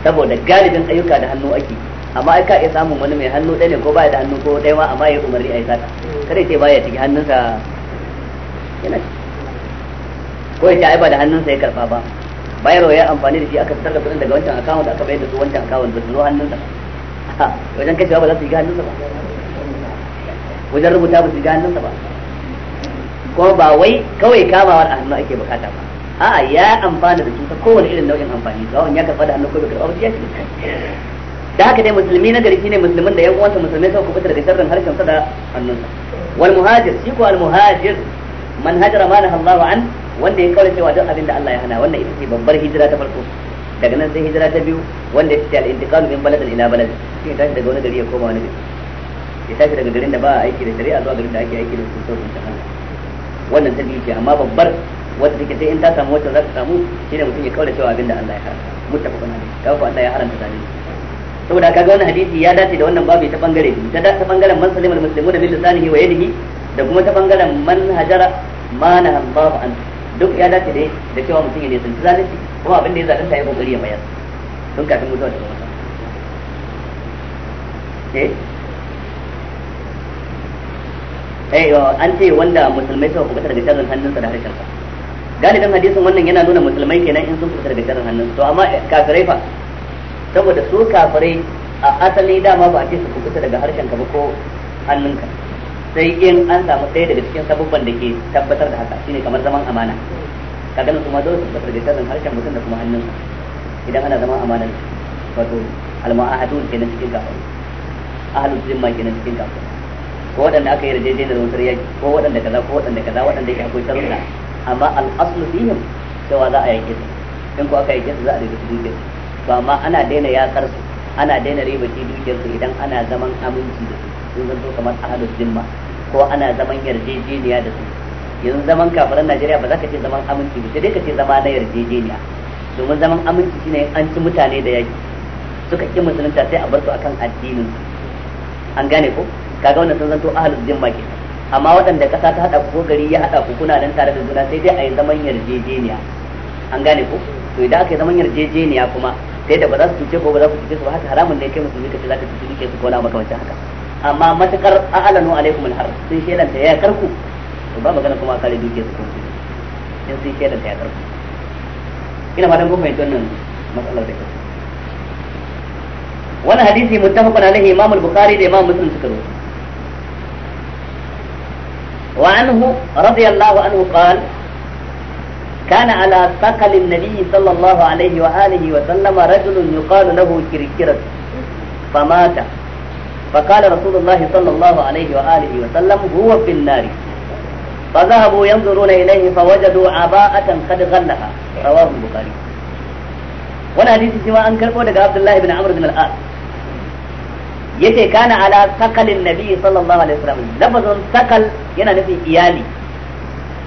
saboda galibin ayyuka da hannu ake amma ai ka iya samun wani mai hannu ɗaya ne ko baya da hannu ko ɗaya ma amma ya umarni a yi sata kada ce baya ciki hannunsa yana ciki ko ya ce ai ba da hannunsa ya karba ba bayarwa ya amfani da shi aka fitar kudin daga wancan akawun da aka bayar da su wancan akawun da su hannunsa wajen kashewa ba za su yi hannunsa ba wajen rubuta ba su yi hannunsa ba kuma ba wai kawai kamawar a hannu ake bukata ba a'a ya amfana da su ta kowane irin nau'in amfani wani ya karfa da hannu ko bai karɓa ba shi ya ce da haka dai musulmi na gari shine musulmin da yan uwansa musulmai sau kubuta daga sharrin harshen sa da hannunsa wal muhajir shi ko al muhajir man hajara ma nahallahu an wanda ya kaura cewa duk abin da Allah ya hana wannan ita ce babbar hijira ta farko daga nan sai hijira ta biyu wanda ita ce al-intiqal min baladin ila balad shi ne tashi daga wani gari ya koma wani gari ya tashi daga garin da ba a aiki da shari'a zuwa garin da ake aiki da sun ta wannan ta biyu ce amma babbar wadda take sai in ta samu wacce za ta samu shi ne mutum ya kaura cewa abin da Allah ya haramta muttafaqun kawai kawo Allah ya haramta zalunci saboda kaga wannan hadisi ya dace da wannan babu ta bangare biyu ta ta bangaren man salimul muslimuna min lisanihi wa yadihi da kuma ta bangaren man hajara ma babu anhu duk ya dace ne da cewa mutum ya nisanci zalunci kuma abin da ya zalunta ya kokari ya mayar tun kafin mutuwa kuma sa eh eh an ce wanda musulmai suka kubuta daga shirin hannunsa da harshensa galibin hadisin wannan yana nuna musulmai kenan in sun kubuta daga shirin hannunsa to amma eh, kafirai fa saboda su kafirai a asali dama ba a ce su kubuta daga harshenka ba ko hannunka sai in an samu ɗaya daga cikin sabubban da ke tabbatar da haka shine kamar zaman amana ka gani kuma zo su tabbatar da tarin harshen mutum da kuma hannunsa idan ana zaman amana wato almu'ahadun kenan cikin kafin ahlul zimma kenan cikin kafin ko waɗanda aka yi da wutar yaki ko waɗanda kaza ko waɗanda kaza waɗanda ke akwai da amma al'aslu fihim cewa za a yanke su in ko aka yanke su za a daidaitu dukiyar su to amma ana daina yakar su ana daina riba dukiyar su idan ana zaman aminci da su sun zanto kamar ahalul zimma ko ana zaman yarjejeniya da su yanzu zaman kafiran Najeriya ba za ka ce zaman aminci ba sai dai ka ce zama na yarjejeniya domin zaman aminci shine an ci mutane da yaki suka ki musulunta sai a bar su akan addinin an gane ko kaga wannan sun zanto ahalul zimma ke amma waɗanda ƙasa ta haɗa ko gari ya haɗa ku kuna nan tare da juna sai dai a yi zaman yarjejeniya an gane ko to idan aka yi zaman yarjejeniya kuma sai da ba za su cuce ko ba za su cuce su ba haka haramun ne kai musulmi ka ce za ka cuce su ko na wancan haka amma matakar ahalanu alaikum alhar sun shelanta ya karku to ba magana kuma kare duke su kuma in sun shelanta ya karku ina fatan kun fahimci wannan matsalar da ke wannan hadisi muttafaqun alaihi imam al-bukhari da imam muslim suka rawaito wa anhu radiyallahu anhu qala كان على ثقل النبي صلى الله عليه وآله وسلم رجل يقال له كركرة فمات فقال رسول الله صلى الله عليه وآله وسلم هو في النار فذهبوا ينظرون إليه فوجدوا عباءة قد غلها رواه البخاري wani hadisi shi ma an karbo daga Abdullahi bin Amr bin al-As yace kana ala sakalin nabi sallallahu alaihi wasallam lafazun sakal yana nufin iyali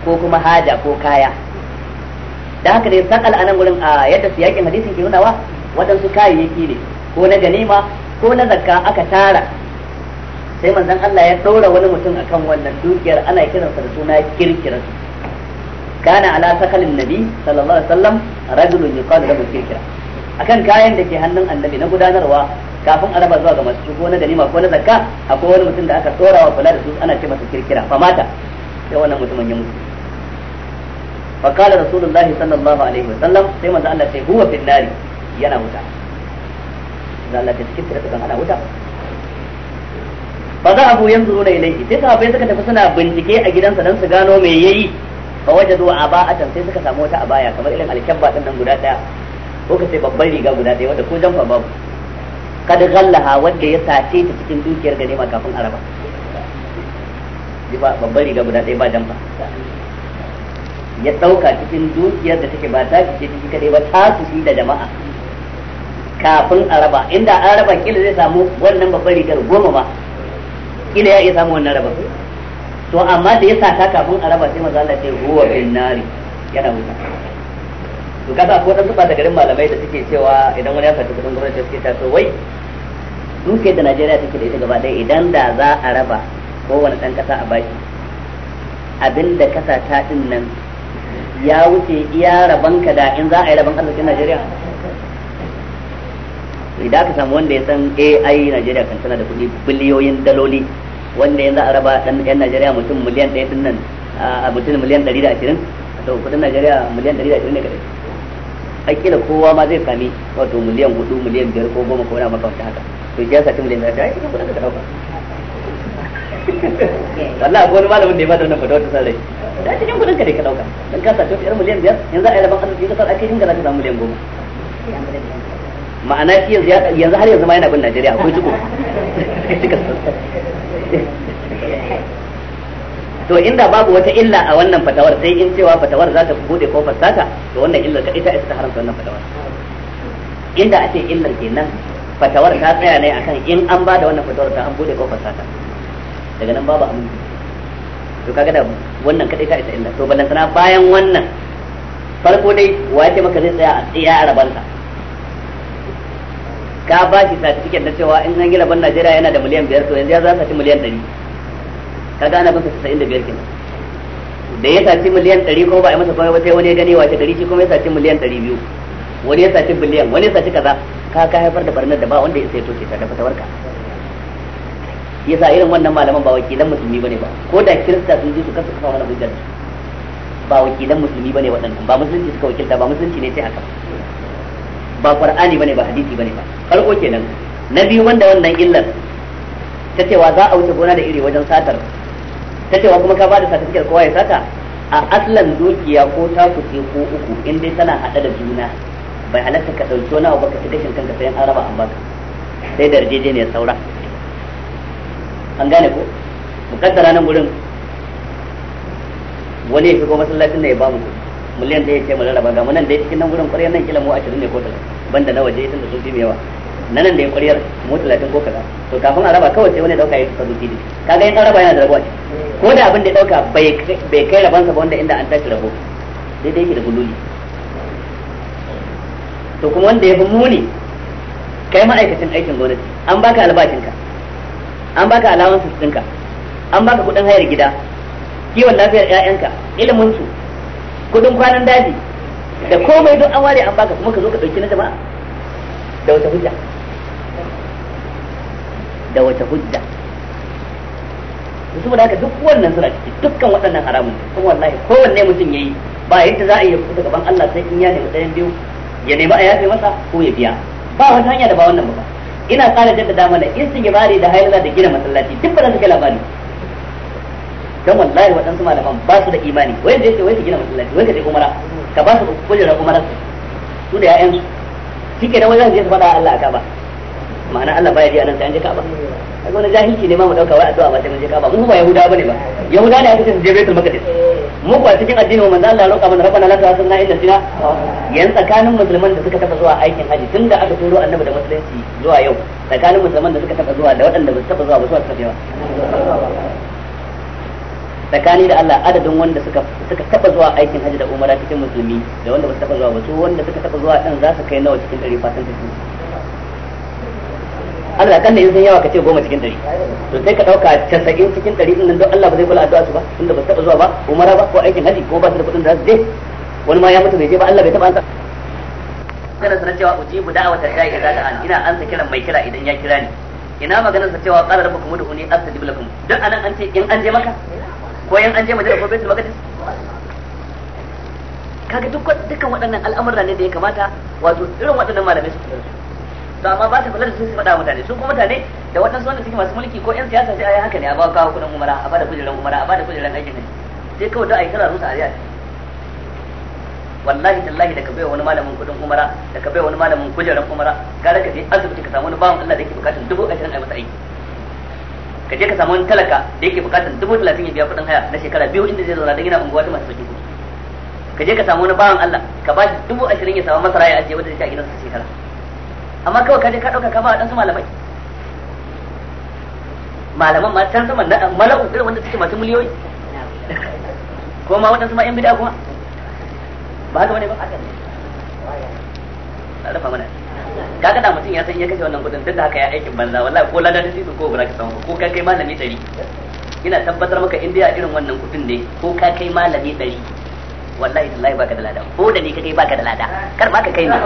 ko kuma haja ko kaya da haka dai sakal anan gurin a yadda su yakin hadisin ke nunawa waɗansu kayayyaki ne ko na ganima ko na zakka aka tara sai manzon Allah ya ɗora wani mutum akan wannan dukiyar ana kiransa da suna kirkira kana ala sakalin nabi sallallahu alaihi wasallam rajulun yuqalu lahu kirkira akan kayan da ke hannun annabi na gudanarwa kafin a raba zuwa ga masu ko na ganima ko na zakka akwai wani mutum da aka tsora wa kula da su ana ce masa kirkira fa mata sai wannan mutumin ya mutu fa qala rasulullahi sallallahu alaihi wasallam sai manzo Allah sai huwa fil nari yana wuta da Allah ta cikin da kan ana wuta fa za abu yanzu na ilai sai sahabbai suka tafi suna bincike a gidansa don su gano me yayi fa wajadu aba'atan sai suka samu wata abaya kamar irin alkabba din nan guda daya ko ka ce babban riga guda daya wanda ko jamfa babu kad ghallaha wanda ya sace ta cikin dukiyar ganima kafin araba ba babban riga guda daya ba jamfa ya dauka cikin dukiyar da take ba ta ce ciki kadai ba ta su da jama'a kafin a raba inda an raba kila zai samu wannan babbar rigar goma ba kila ya iya samu wannan raba to amma da ya sata kafin a raba sai maza Allah ce huwa bin nari yana wuta to kaga ko dan tuba da garin malamai da suke cewa idan wani ya fata kudin gwamnati suke ta to wai duke da Najeriya take da ita gaba ɗaya idan da za a raba kowane ɗan ƙasa a baki abin da kasa ta din nan ya wuce iya rabanka da in za a yi rabon arzikin Najeriya idan aka samu wanda ya san AI Najeriya kan tana da kuɗi biliyoyin daloli wanda yanzu a raba dan yan Najeriya mutum miliyan 1 din nan ah, a mutum miliyan 120 to kudin Najeriya miliyan 120 ne kadai akila kowa ma zai sami wato miliyan 4 miliyan 5 ko goma ko wani abu makamta haka to ya sa miliyan da ai kudin da ka dauka wallahi akwai wani malamin da ya bada wannan fatawa ta sarai da cikin kudin ka dai ka dauka dan ka sa to miliyan 5 yanzu a yi raban arziki sa ake yin da za ka samu miliyan
10
ma'ana shi yanzu har yanzu ma yana bin Najeriya akwai tuko to inda babu wata illa a wannan fatawar sai in cewa fatawar za ta bude ko sata to wannan illar ka ita ita haramta wannan fatawar inda ake illar kenan fatawar ta tsaya ne akan in an ba da wannan fatawar ta an bude ko sata daga nan babu aminci to kaga da wannan kadai ta ita illa to balantana bayan wannan farko dai wace maka zai tsaya a tsaya a rabanta ka ba shi certificate na cewa in an gina ban Najeriya yana da miliyan biyar to yanzu ya za saci miliyan ɗari ka gane masa casa'in da biyar kenan da ya saci miliyan ɗari ko ba a yi masa komai ba sai wani ya gane wace ɗari shi kuma ya saci miliyan ɗari biyu wani ya saci biliyan wani ya saci kaza ka ka haifar da barnar da ba wanda ya sai toke ta da fatawarka yasa irin wannan malaman ba wakilan musulmi bane ba ko da kirista sun ji su kasa kafa mana hujjar ba wakilan musulmi bane waɗannan ba musulunci suka wakilta ba musulunci ne sai haka ba qur'ani bane ba hadisi bane ba farko kenan na biyu wanda wannan illar ta cewa za a wuce gona da iri wajen satar ta cewa kuma ka ba da satar kowa ya sata a aslan dukiya ko ta kuce ko uku in dai tana hada da juna bai halatta ka dauki wani abu ka ci gashin kanka sai an araba an baka sai da ya saura an gane ko mukaddara nan gurin wani ya ko masallacin da ya ba mu kuɗi miliyan da ya ce mana raba ga munan nan dai cikin nan gurin ƙwaryar nan kila mu ashirin ne ko 30 banda na waje tun da sun fi mewa na nan da ya ƙwaryar mu talatin ko kaza to kafin a raba kawai sai wani dauka ya fi zuci ne kaga in raba yana da ce ko da abin da ya dauka bai kai rabansa ba wanda inda an tashi rabo daidai yake da bululi to kuma wanda ya fi muni kai ma'aikacin aikin gwamnati an baka albashinka an baka alawansu ɗinka an baka kuɗin hayar gida kiwon lafiyar 'ya'yanka ilimin su kudin kwanan daji da komai don an ware an baka kuma ka zo ka ɗauki na jama'a da wata hujja da wata hujja saboda haka duk wannan suna ciki dukkan waɗannan haramun kuma wallahi kowanne mutum yayi ba yadda za a yi kusa gaban Allah sai in ya nemi ɗayan biyu ya nemi a yafe masa ko ya biya ba wata hanya da ba wannan ba ina ƙara jaddada mana istighfari da haila da gina masallaci duk ba za su kai labari dan wallahi waɗansu malaman ba su da imani wai da yake wai su gina masallaci wai ka je umara ka ba su kujera umara su da su shike da wajen zan je su faɗa Allah a Ka'aba ma'ana Allah baya ji anan sai an je Ka'aba kaga wani jahilci ne ma mu dauka wai addu'a ba sai mun je Ka'aba mun ba Yahuda bane ba Yahuda ne aka ce je Baitul Maqdis mu ba cikin addini mu manzo Allah roƙa mana rabbana la tu'akhidna in nasina yan tsakanin musulman da suka taba zuwa aikin haji tunda aka turo annabi da musulunci zuwa yau tsakanin musulman da suka taba zuwa da waɗanda ba su taba zuwa ba su taba zuwa tsakani da Allah adadin wanda suka suka taba zuwa aikin hajji da umara cikin musulmi da wanda ba su taba zuwa ba su wanda suka taba zuwa din za su kai nawa cikin ɗari fatan tafi Allah kan in sun yawa ka ce goma cikin ɗari to sai ka ɗauka casa'in cikin ɗari din nan don Allah ba zai kula addu'a su ba tunda ba su taba zuwa ba umara ba ko aikin hajji ko ba su da kuɗin da za su je wani ma ya mutu bai je ba Allah bai taba an kana sanar cewa ujibu da'awatar ya idza da'an ina ansa kiran mai kira idan ya kira ni ina maganar sa cewa qala rabbukum ud'uni astajib lakum duk anan an ce in an je maka ko an je majalis ko baitul maqdis kaga duk dukkan waɗannan al'amuran ne da ya kamata wato irin waɗannan malamai su kula da amma ba ta kula da su su faɗa mutane su kuma mutane da waɗansu wanda suke masu mulki ko yan siyasa sai ayi haka ne a ba kawo kuɗin umara a ba da kujeran umara a ba da kujeran aikin ne sai kawai da ayi kana rusa ariya wallahi tallahi da ka bai wani malamin kuɗin umara da ka bai wani malamin kujeran umara gara ka je asibiti ka samu wani bawan Allah da yake bukatun dubu ashirin a masa aiki ka je ka samu wani talaka da yake bukatar dubu talatin ya biya kuɗin haya na shekara biyu inda zai zauna don yana unguwa ta masu sauki kuɗi ka je ka samu wani bawan Allah ka ba shi dubu ashirin ya samu masara ya ajiye wanda zai ci a gidansa shekara amma kawai ka je ka ɗauka ka ba ɗansu malamai malaman ma can sama mala'u irin wanda suke masu miliyoyi ko ma waɗansu ma 'yan bida kuma ba haka wani ba a rufa mana kaga da mutum ya san ya kashe wannan kudin duk da haka ya aikin banza wallahi ko lada ta tisu ko ba ka samu ko ka kai malami dari ina tabbatar maka indiya irin wannan kudin ne ko ka kai malami dari wallahi tallahi baka da lada ko da ni ka kai baka da lada kar ma ka kai ni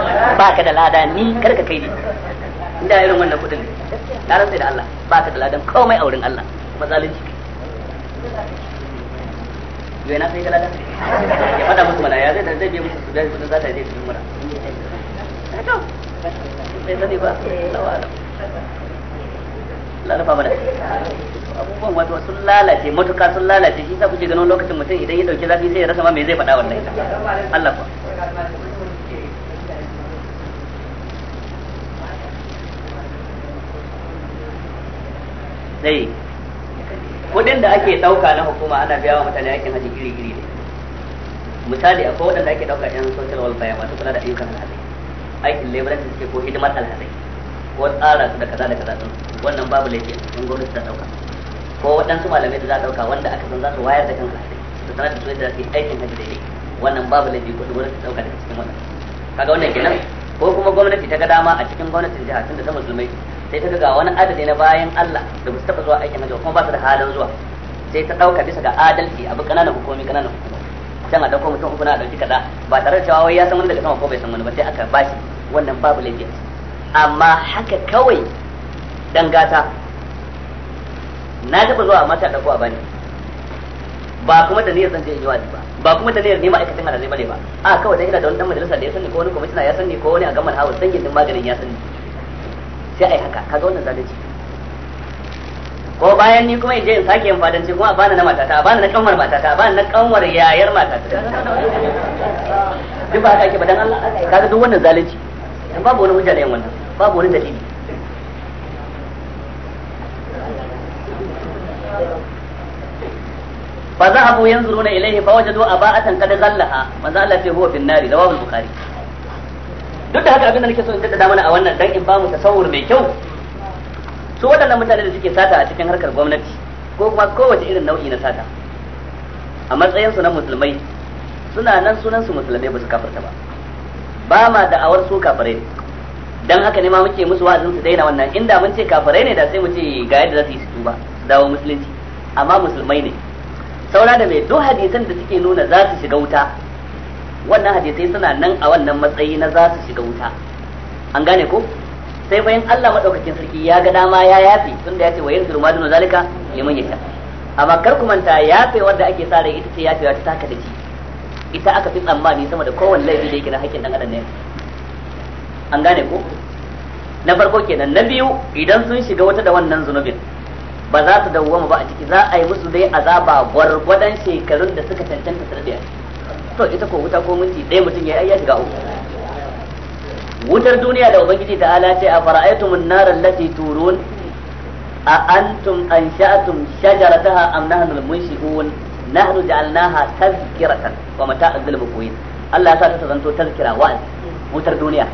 baka da lada ni kar ka kai ni inda irin wannan kudin na rantsa da Allah baka da ladan komai a wurin Allah mazalunci yau na sai da ya fada musu mana ya zai da zai biya musu su biya kudin za ta yi zai su yi mura bai sani ba lalaba mana abubuwan wato sun lalace matuka sun lalace shi sa kuke ganin lokacin mutum idan ya dauki zafi sai ya rasa ma zai faɗa wannan Allah ba sai kudin da ake dauka na hukuma ana biya wa mutane aikin haji iri iri ne misali akwai waɗanda ake dauka yan social welfare masu kula da ayyukan haji aikin leburanci suke ko hidimar alhazai ko tsara su da kaza da kaza wannan babu laifi in gwamnati ta dauka ko waɗansu malamai da za a dauka wanda aka san za su wayar da kan alhazai su sanar da su da su aikin hajji daidai wannan babu laifi ko gwamnati ta dauka daga cikin wannan kaga wannan kenan ko kuma gwamnati ta ga dama a cikin gwamnatin jiha tun da ta musulmai sai ta ga wani adadi na bayan Allah da ba su taɓa zuwa aikin hajji kuma ba su da halin zuwa sai ta ɗauka bisa ga adalci abu ƙananan hukumi ƙananan hukumi can a dauko mutum uku na dauki kaza ba tare da cewa wai ya san wani daga sama ko bai san wani ba sai aka bashi wannan babu laifi amma haka kawai dan gata na taɓa zuwa mata da a bani ba kuma da niyyar zan je yi wani ba ba kuma da niyyar nema aikatan halalai bane ba a kawai dan ina da wani dan majalisa da ya sani ko wani kwamishina ya sani ko wani a gamar hawa dangin din maganin ya sani sai ai haka kaga wannan zalunci ko bayan ni kuma je in sake yin fadanci kuma a bani na matata a bani na kanwar matata a bani na kanwar yayar matata
duk ba haka ake ba dan Allah kaga duk wannan
zalunci ba babu wani hujja da yin wannan babu wani dalili fa zahabu yanzuruna ilayhi fa wajadu aba'atan qad zallaha manzo Allah ce huwa fin nari rawahul bukhari duk da haka abinda nake so in daddada mana a wannan dan in ba mu tasawur mai kyau su waɗannan mutane da suke sata a cikin harkar gwamnati ko kuma kowace irin nau'i na sata a matsayinsu na musulmai suna nan sunansu musulmai ba su kafarta ba ba ma da'awar su kafirai dan haka ne ma muke musu wa'azin su daina wannan inda mun ce kafirai ne da sai mu ce ga yadda za su yi su tuba su dawo musulunci amma musulmai ne saura da mai duk hadisan da suke nuna za su shiga wuta wannan hadisai suna nan a wannan matsayi na za su shiga wuta an gane ko sai bayan Allah madaukakin sarki ya ga dama ya yafe tunda ya ce wa yanzu ma zalika liman yasha amma kar ku manta yafe wanda ake sa rai ita ce yafe ta taka da ita aka fi tsammani sama da kowanne laifi da yake na haƙƙin dan adam ne an gane ko na farko kenan na biyu idan sun shiga wata da wannan zunubin ba za su dawwama ba a ciki za a yi musu dai azaba gwargwadon shekarun da suka cancanta su rabiya to ita ko wuta ko minti ɗaya mutum ya ya shiga uku wutar duniya da ubangiji ta ala ce a fara'aitum an-nar allati turun a antum ansha'tum shajarataha am nahnu al-munshi'un nahnu ja'alnaha tazkiratan wa mata'an lil muqwin Allah ya sa ta zanto tazkira wa'azi wutar duniya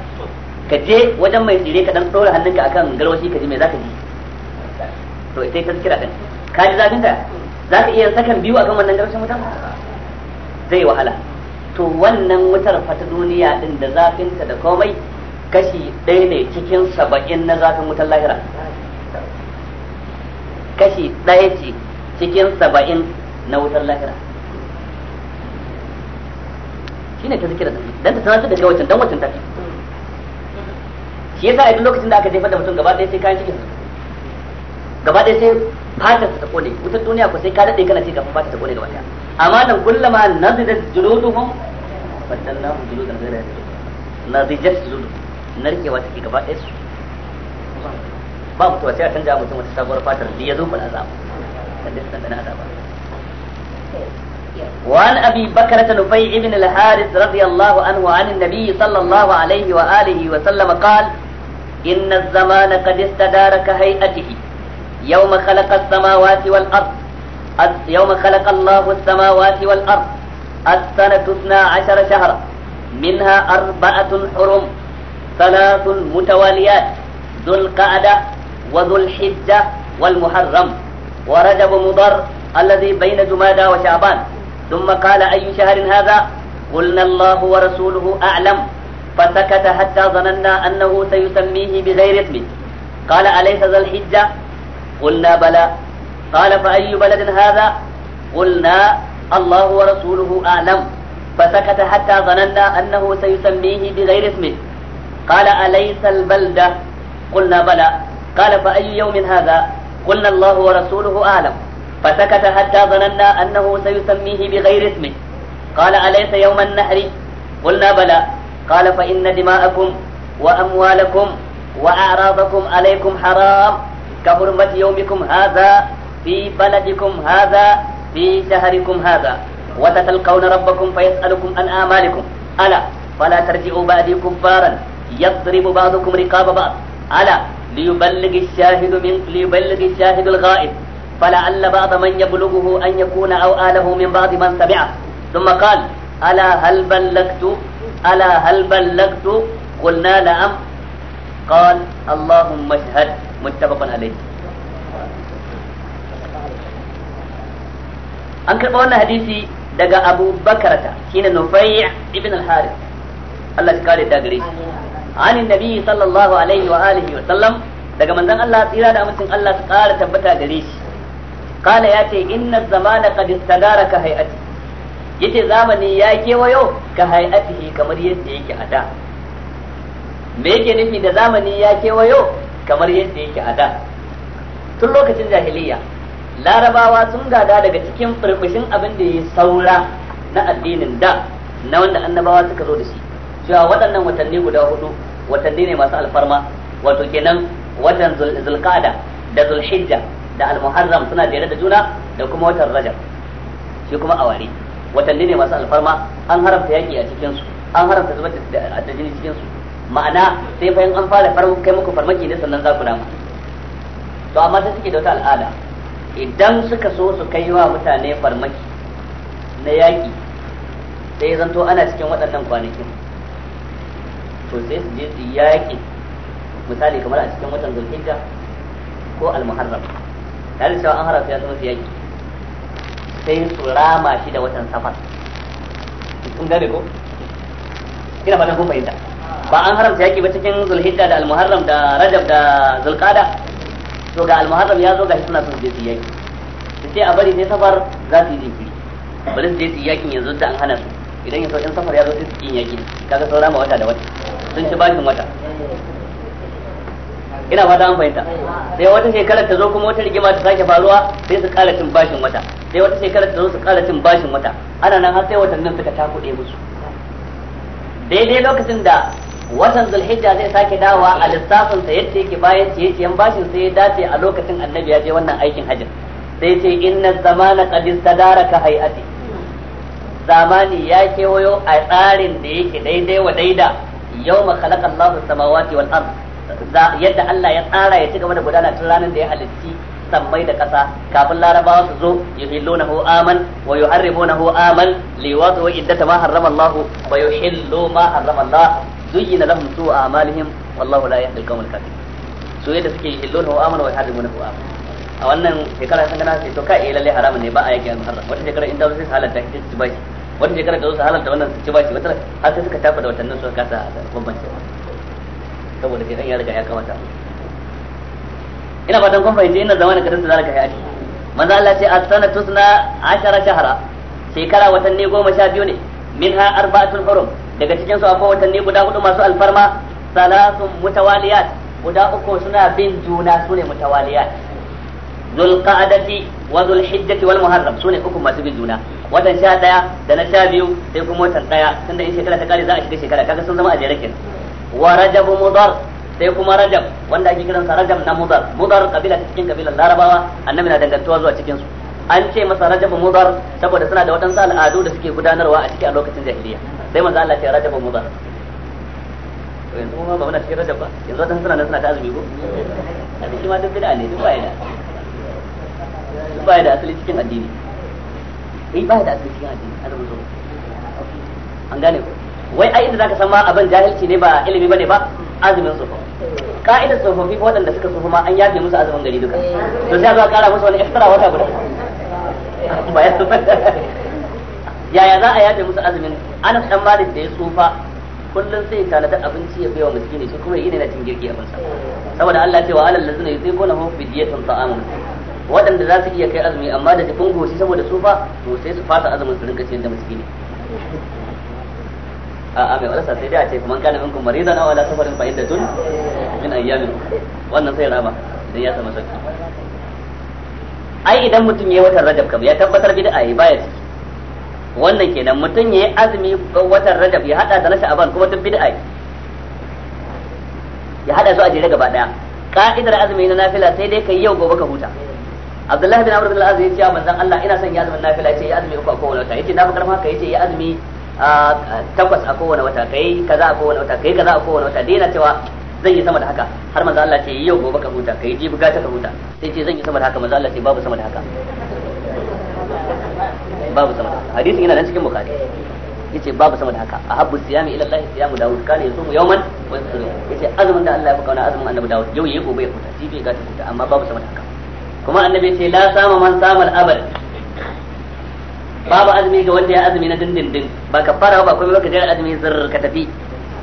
ka je wajen mai tsire ka dan dora hannunka akan garwashi ka ji me zaka ji to sai tazkira din ka ji zafin ta zaka iya sakan biyu akan wannan garwashin wutar zai wahala to wannan wutar fata duniya din da zafin ta da komai kashi ɗaya ne cikin saba'in na zafin wutar lahira kashi ɗaya ce cikin saba'in na wutar lahira shi ne ta zikira da don ta sanar da kai wancan dan wancan tafi shi yasa a duk lokacin da aka jefa da mutum gaba ɗaya sai kayan cikin su gaba ɗaya sai fatar ta kone wutar duniya ko sai ka daɗe kana ce kafin fatar ta kone gaba ɗaya amma nan kullama nazidat juluduhum faddalnahum juludan ghayra nazidat julud narkewa take gaba ɗaya su ba mutuwa sai a canja mutum wata sabuwar fatar da ya zo na azaba kan dai san da na azaba
وعن أبي بكرة نفيع بن الحارث
رضي الله عنه عن النبي صلى الله عليه وآله وسلم قال إن الزمان قد استدار كهيئته يوم خلق السماوات والأرض يوم خلق الله السماوات والأرض السنة اثنا عشر شهرا منها أربعة حرم ثلاث متواليات ذو القعدة وذو الحجة والمحرم ورجب مضر الذي بين جمادى وشعبان ثم قال أي شهر هذا قلنا الله ورسوله أعلم فسكت حتى ظننا أنه سيسميه بغير اسمه قال أليس ذا الحجة قلنا بلى قال فأي بلد هذا قلنا الله ورسوله أعلم فسكت حتى ظننا أنه سيسميه بغير اسمه قال أليس البلدة قلنا بلى قال فأي يوم هذا قلنا الله ورسوله أعلم فسكت حتى ظننا أنه سيسميه بغير اسمه قال أليس يوم النحر قلنا بلى قال فإن دماءكم وأموالكم وأعراضكم عليكم حرام كحرمة يومكم هذا في بلدكم هذا في شهركم هذا وتتلقون ربكم فيسألكم عن آمالكم ألا فلا ترجعوا بعدي كفارا يضرب بعضكم رقاب بعض ألا ليبلغ الشاهد من ليبلغ الشاهد الغائب فلعل بعض من يبلغه أن يكون أو آله من بعض من سمعه ثم قال ألا هل بلغت ألا هل بلغت قلنا نعم قال اللهم اشهد متفق عليه an karɓa wannan hadisi daga abu bakarata shine nufai ibn al-harith Allah ya kare da gare shi anin sallallahu alaihi wa sallam daga manzon Allah tsira da amincin Allah su tabbata shi kala ya ce inna zamana qad istadara ka hay'ati yace zamani ya kewayo ka hay'atihi kamar yadda yake a da me yake nufi da zamani ya kewayo kamar yadda yake a da tun lokacin jahiliya larabawa sun gada daga cikin furfushin abin da ya saura na addinin da na wanda annabawa suka zo da shi cewa waɗannan watanni guda hudu watanni ne masu alfarma wato kenan watan zulqada da zulhijja da al-muharram suna jere da juna da kuma watan rajab shi kuma awari watanni ne masu alfarma an haramta yaki a cikin su an haramta zubar da jini cikin su ma'ana sai fa an fara farko kai muku farmaki ne sannan za ku dama. to amma ta suke da wata al'ada idan suka so su kai wa mutane farmaki na yaki sai zanto ana cikin waɗannan kwanakin to sai su je su yaƙi misali kamar a cikin watan zulhijja ko al-muharram tare da cewa an harafa ya zama siyaki sai su rama shi da watan safar sun gane ko ina fatan kun fahimta ba an haramta yaki ba cikin zulhijja da almuharram da rajab da zulqada to ga almuharram ya zo ga suna son je su yaki su ce a bari sai safar za su yi jinkiri bari su je su yakin yanzu da an hana su idan yanzu in safar ya zo sai su yi yaki kaga saura rama wata da wata sun ci bashin wata ina fata an fahimta sai wata shekarar ta zo kuma wata rigima ta sake faruwa sai su kala cin bashin wata sai wata shekarar ta zo su kala cin bashin wata ana nan har sai watannin suka ta kuɗe musu daidai lokacin da watan zulhijja zai sake dawa a lissafin sa yadda yake bayan ciye-ciyen bashin sai ya dace a lokacin annabi ya je wannan aikin hajjin sai ce inna zamana qad istadaraka hay'ati zamani ya kewayo a tsarin da yake daidai wa daida yawma khalaqa Allahu samawati wal ardh yadda Allah ya tsara ya ci gaba da gudana tun ranar da ya halitti sammai da ƙasa kafin larabawa su zo ya yuhillunahu aman wa yuharrimunahu aman liwatu wa iddata ma harrama Allah wa yuhillu ma harrama Allah zuyyina lahum su'u a'malihim wallahu la yahdi al-qawmal kafirin su yadda suke yuhillunahu aman wa yuharrimunahu aman a wannan shekara sun gana sai to ka eh lalle haramun ne ba a yake muharram wata shekara in dawo sai halatta shi ci bashi wata shekara da zo su halatta wannan su ci bashi wata har sai suka tafa da watannin suka kasa bambance saboda shedan ya riga ya kamata ina fatan kun fahimci ina zamana kadan da zalika hayati manzo Allah ce asana tusna ashara shahra shekara watanni goma sha biyu ne minha arba'atul hurum daga cikin su akwai watanni guda hudu masu alfarma salasun mutawaliyat guda uku suna bin juna sune mutawaliyat zul qa'adati wa zul hijjati wal muharram sune uku masu bin juna watan sha daya da na sha biyu sai kuma watan daya tunda in shekara ta kare za a shiga shekara kaga sun zama a jere kenan wa rajab mudar sai kuma rajab wanda ake kiransa rajab na mudar mudar kabila cikin kabilan larabawa annabi na dangantuwa zuwa cikin su an ce masa rajab mudar saboda suna da waɗansu al'adu da suke gudanarwa a ciki a lokacin jahiliya sai manzo Allah ya ce rajab mudar to yanzu kuma ba muna cikin rajab ba yanzu waɗansu suna nan suna ta azumi ko a ciki ma duk bid'a ne duk baya da
duk baya da asali cikin
addini eh baya da asali cikin addini azumin zo an gane ko wai a inda zaka san ma abin jahilci ne ba ilimi bane ba azumin su ka'idar tsofaffi ko waɗanda suka tsofa ma an yafe musu azumin gari duka to sai zo a kara musu wani extra wata guda yaya za a yafe musu azumin ana dan malik da ya tsufa kullum sai ya tanada abinci ya baiwa miskini shi kuma yi ne na cin girki a sa saboda Allah ce wa alal ladzina yuzikuna hum fidyatun ta'amun waɗanda za su iya kai azumi amma da jifin goshi saboda tsufa to sai su fasa azumin su rinka ciyar da miskini a'a mai warasa sai dai a ce kuma kana minkum maridan aw ala safarin fa tun min ayyamin wannan sai rama idan ya samu sauki ai idan mutum yayi watan rajab kam ya tabbatar bid'a yi baya ciki wannan kenan mutum yayi azumi watan rajab ya hada da na sha'aban kuma duk bid'a ya hada su a jere gaba daya ka'idar azumi na nafila sai dai kai yau gobe ka huta Abdullahi bin Amr bin Al-Aziz ya ce manzon Allah ina son ya azumin nafila ce ya azumi uku a kowace wata yace na fi karfin haka yace ya azumi takwas a kowane wata kai kaza a kowane wata kai kaza a kowane wata daina cewa zan yi sama da haka har manzo Allah ce yau gobe ka huta kai jibi gata ka huta sai ce zan yi sama da haka manzo Allah ce babu sama da haka
babu sama da haka hadisin yana nan
cikin bukhari yace babu sama da haka ahabbu siyami ila Allah siyamu Dawud kana yasumu yawman wa yasumu yace azumin da Allah ya baka wani azumin annabi Dawud yau yayi gobe ya huta jibi gata huta amma babu sama da haka kuma annabi ce la sama man sama al-abad babu azumi ga wanda ya azumi na dindindin ba ka fara ba kuma ka lokacin azumi zir ka tafi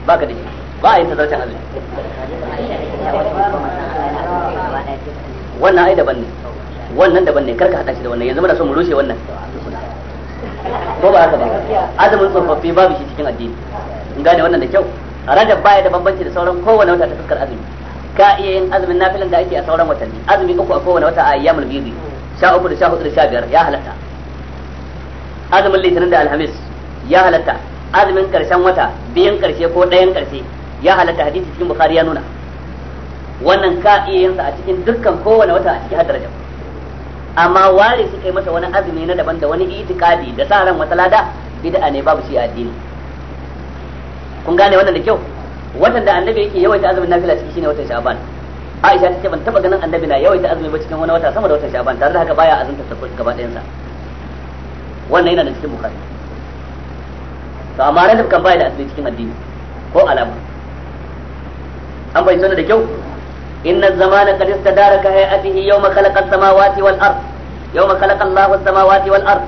ba ka da ba a yin tazarcin azumi wannan ai daban ne wannan daban ne karka hada shi da wannan yanzu muna so mu rushe wannan
ko ba haka ba azumin
tsofaffi babu shi cikin addini in gane wannan da kyau rajab baya da bambanci da sauran kowane wata ta fuskar azumi ka iya yin azumin nafilan da ake a sauran watanni azumi uku a kowane wata a ayyamul bidi sha uku da sha hudu da sha biyar ya halatta azumin litinin da alhamis ya halatta azumin karshen wata biyan karshe ko ɗayan karshe ya halatta hadisi cikin bukhari ya nuna wannan ka iya a cikin dukkan kowane wata a cikin hadda amma ware su kai masa wani azumi na daban da wani itikadi da sa ran wata lada bid'a ne babu shi a addini kun gane wannan da kyau watan da annabi yake yawaita azumin nafila ciki shine watan sha'ban aisha ta ce ban taba ganin annabi na yawaita azumi ba cikin wani wata sama da watan sha'ban tare da haka baya azumta gaba ɗayan sa wannan yana da cikin bukhari to amma radab kan bai da asali cikin addini ko alama an bai sanar da kyau inna zamana qad istadaraka hayatihi yawma khalaqa as-samawati wal ard yawma khalaqa Allahu as-samawati wal ard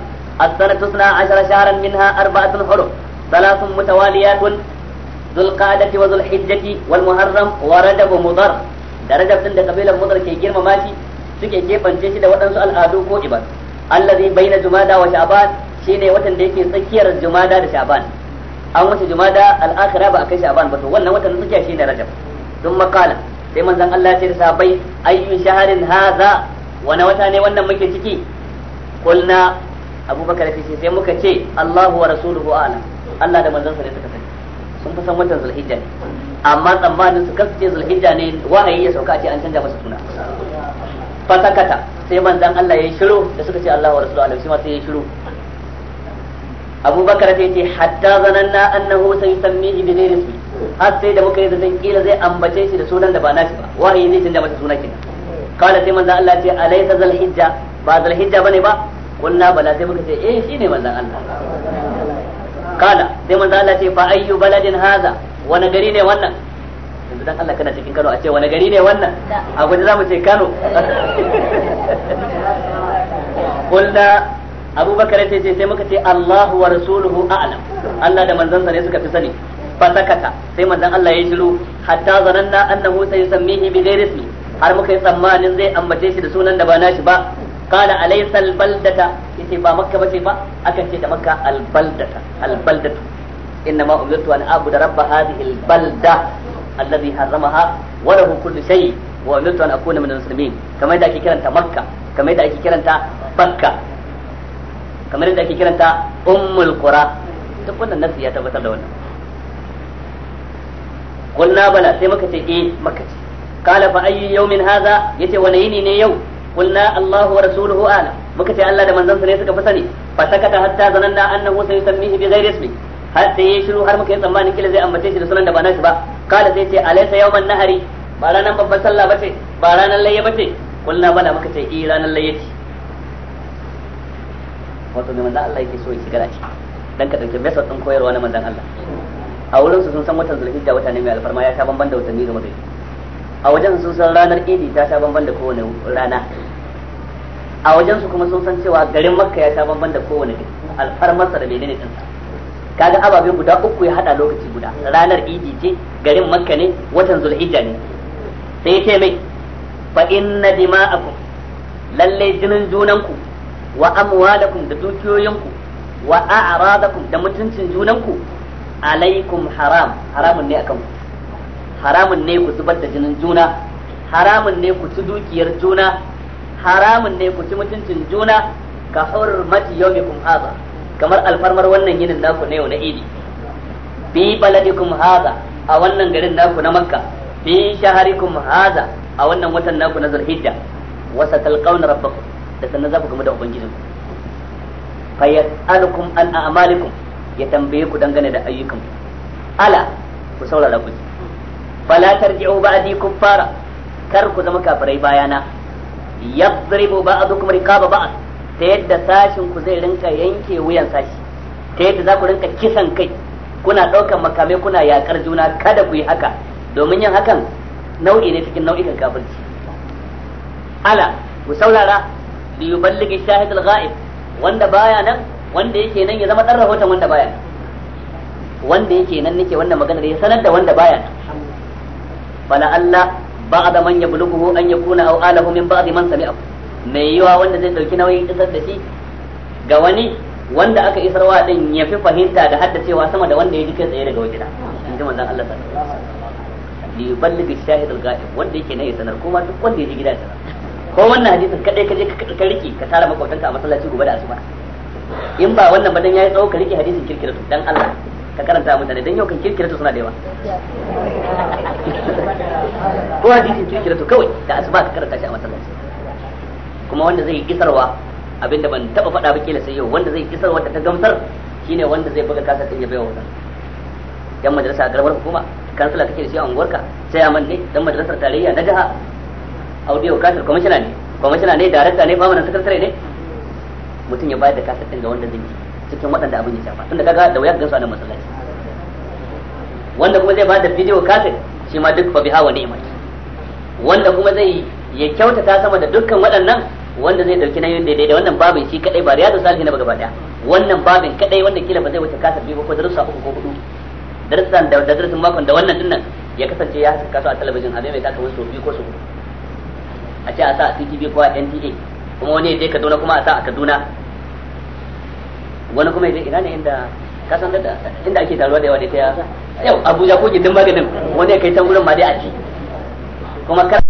as-sanatu 12 shahran minha arba'atun hurum ثلاث متواليات ذو القعدة وذو الحجة والمحرم وردب مضر درجة عند قبيلة مضر كي جرم ماشي suke keɓance shi da waɗansu al'adu ko ibad allazi baina jumada wa sha'ban shine watan da yake tsakiyar jumada da sha'ban an wuce jumada al-akhirah ba akai sha'ban ba to wannan watan tsakiya shine rajab dun makala sai manzon Allah ya ce da sahabbai ayyu shaharin hadha wani wata ne wannan muke ciki kulna abubakar ce sai muka ce Allahu wa rasuluhu a'lam Allah da manzon sa ne suka sani sun fi san watan zulhijja ne amma tsammanin su kasu ce zulhijja ne wahayi ya sauka ce an canja masa suna fatakata sai manzon Allah ya yi shiru da suka ce Allahu wa rasuluhu a'lam sai ma sai ya yi shiru Abu Bakar sai ce hatta zananna annahu sayusammihi bi ne ismi har sai da muka yi zazen kila zai ambace shi da sunan da ba nashi ba wahayi zai canza masa suna kenan kawai sai manzan Allah ce alaysa zal zalhijja ba zalhijja ba ne ba kunna bala sai muka ce eh shine manzan Allah kala sai manzan Allah ce fa ayyu baladin haza wani gari ne wannan yanzu dan Allah kana cikin Kano a ce wani gari ne wannan a guje mu ce Kano kulna abubakar sai ce sai muka ce Allahu wa rasuluhu a'lam Allah da manzansa ne suka fi sani fasakata sai manzon Allah ya shiru hatta zananna annahu sayusammihi bi ghairi ismi har muka yi tsammanin zai ambace shi da sunan da ba nashi ba qala alaysa albaldata yace ba makka bace ba aka ce da makka albaldata albaldatu innama umirtu an a'budu rabb hadhihi albalda alladhi harramaha wa lahu kullu shay wa umirtu an akuna min almuslimin kamar da ake kiranta makka kamar da ake kiranta bakka kamar yadda ake kiranta ummul qura duk wannan nasu ya tabbatar da wannan qulna bala sai muka ce eh maka ce qala fa ayyu yawmin hadha yace wani yini ne yau kunna Allahu wa rasuluhu ala muka ce Allah da manzon sa ne suka fi sani fa sakata hatta zananna annahu sayusammihi bi ghairi ismi har sai yayi shiru har muka yi tsammanin kila zai ambace shi da sunan da ba nashi ba kala zai ce alaysa yawman nahari ba ranan babban sallah bace ba ranan layya bace kunna bala muka ce eh ranan layya ce wato mai manzan Allah yake so ya shiga ciki dan ka dauke method din koyarwa na manzan Allah a wurin su sun san watan zulhijja wata ne mai alfarma ya ta bamban da watanni ga gari a wajen sun san ranar idi ta ta bamban da kowane rana a wajen su kuma sun san cewa garin makka ya sha bamban da kowane sa da menene din sa kaga ababe guda uku ya hada lokaci guda ranar idi ce garin makka ne watan zulhijja ne sai ya ce mai fa inna dima'akum lalle jinin junanku wa amwalakum da dukiyoyinku wa a'radakum da mutuncin junanku alaikum haram haramun ne akan haramun ne ku zubar da jinin juna haramun ne ku ci dukiyar juna haramun ne ku ci mutuncin juna ka hurmati yawmikum hadha kamar alfarmar wannan yinin naku na yau na idi bi baladikum hadha a wannan garin naku na makka bi shaharikum hadha a wannan watan naku na zulhijja wa satalqawna rabbakum da sannan za ku gamu da ubangijin fa yas'alukum an a'malikum ya tambaye ku dangane da ayyukan ala ku saurara ku fala tarji'u ba'di kuffara kar ku zama kafirai bayana yadribu ba'dukum riqaba ba'd ta yadda sashin ku zai rinka yanke wuyan sashi ta yadda za ku rinka kisan kai kuna ɗaukar makamai kuna yakar juna kada ku yi haka domin yin hakan nau'i ne cikin nau'ikan kafirci ala ku saurara li yuballighi shahid al-ghaib wanda baya nan wanda yake nan ya zama dan rahoton wanda baya nan wanda yake nan nake wannan magana ya sanar da wanda baya nan Bala Allah ba'da man yablughu an yakuna aw alahu min ba'di man sami'ahu mai yiwa wanda zai dauki nauyin isar da shi ga wani wanda aka isarwa din ya fi fahimta da haddacewa sama da wanda ya ji kai tsaye daga wajena in ji manzon Allah sallallahu alaihi wasallam li yuballighi shahid al-ghaib wanda yake ne ya sanar kuma duk wanda ya ji gida sanar ko wannan hadisin kadai ka je ka rike ka tara makotanka a masallaci gobe da asuba in ba wannan ba dan yayi tsawo ka rike hadisin to dan Allah ka karanta mutane dan yau kan to suna da yawa
ko hadisin
to kawai da asuba ka karanta shi a masallaci kuma wanda zai kisarwa abinda ban taba faɗa ba kila sai yau wanda zai kisarwa ta gamsar shine wanda zai buga kasa din ya bayar wannan Dan majalisa a garbar hukuma kansila kake da shi a unguwarka sai a manne dan majalisar tarayya na jiha audio kasar kwamishina ne commissioner ne director ne famanan secretary ne mutum ya bayar da kasar ɗin ga wanda zai cikin waɗanda abin ya shafa tunda kaga da wuya gansu a masallaci wanda kuma zai bayar da bidiyo kasar shi ma duk fa biha wa ni'mat wanda kuma zai ya kyautata sama da dukkan waɗannan wanda zai dauki nayin daidai da wannan babin shi kadai ba riyadu salihin na gaba daya wannan babin kadai wanda kila ba zai wuce kasar biyu ko darussa uku ko hudu darussan da darussan makon da wannan dinnan ya kasance ya haska kasu a talabijin a mai taka wasu biyu ko su hudu a ce a sa a CTV ko a NTA kuma wani ya je Kaduna kuma a sa a Kaduna wani kuma ya je ina ne inda kasan da inda ake taruwa da yawa da ta yau Abuja ko gindin maganin wani ya kai ta wurin ma dai a ci kuma kar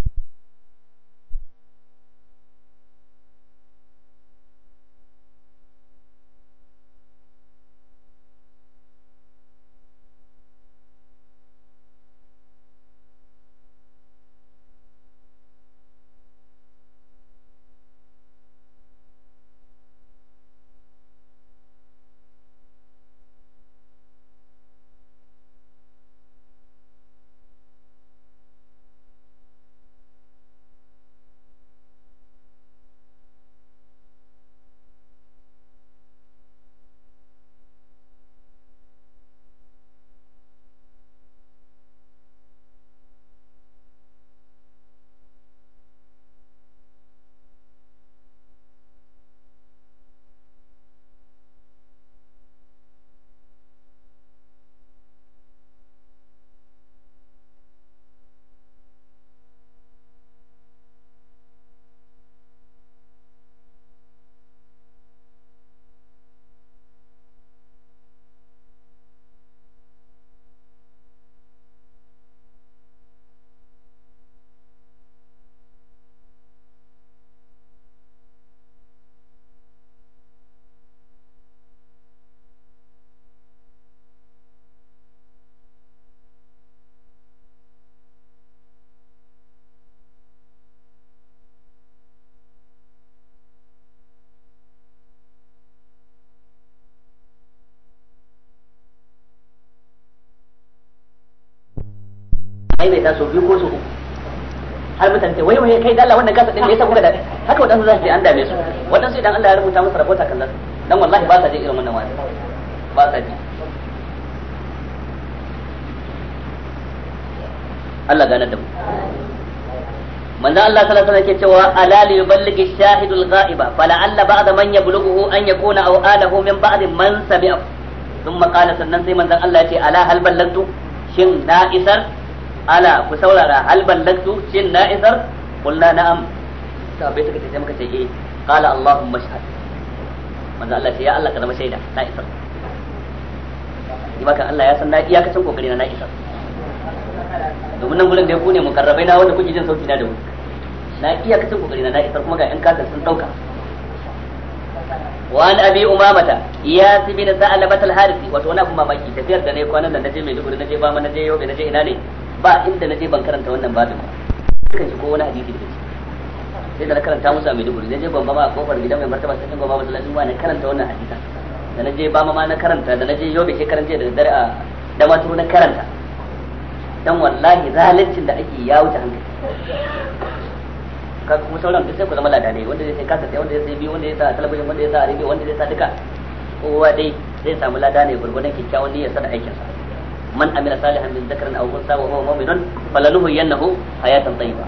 maimaita sau biyu ko su uku har mutane ce wai wai kai da wannan gasa din me yasa kuka da haka wadansu za su je an dame su wadansu idan Allah ya rubuta musu rabota kan nasu dan wallahi ba sa je irin wannan wani ba sa je Allah gane da mu manzo Allah sallallahu alaihi wasallam cewa ala li yuballighi shahidul ghaiba fala alla ba'da man yablughu an yakuna aw alahu min ba'd man sami'a thumma qala sannan sai manzon Allah ya ce ala hal ballantu shin na isar ala ku saurara hal ballagtu shin na isar qulna na'am sahabbai suka ce sai muka ce eh qala allahumma shahad manzo Allah ce ya Allah ka zama shaida na isar ibaka Allah ya san na iyakacin kokari na na isar domin nan gurin da ku ne mukarrabai na wanda kuke jin sauki na da wuri na iyakacin kokari na na isar kuma ga yan kasar sun dauka
وعن ابي امامه
ياس بن ثعلبه الحارثي وتونا ابو مامaki tafiyar da ne kwanan da naje Maiduguri naje Bama naje Yobe naje ina ne ba inda na je ban karanta wannan babin ba kan shi ko wani hadisi da shi sai da na karanta musu a Maiduguri na je ban bama a kofar gidan mai martaba sai ban bama masallacin ba na karanta wannan hadisan da na je ba ma na karanta da na je yobe shekaran jiya da dare a damaturu na karanta dan wallahi zalincin da ake ya wuce hankali ka kuma sauran sai ku zama ladane wanda zai sai kasa sai wanda zai sai biyu wanda zai sa talabijin wanda zai sa a rediyo wanda zai sa duka kowa dai zai samu lada ne gurgurdan kyakkyawan sa da aikinsa man amila salihan min dhakarin aw unsa wa huwa mu'minun falanuhyiyannahu hayatan tayyiba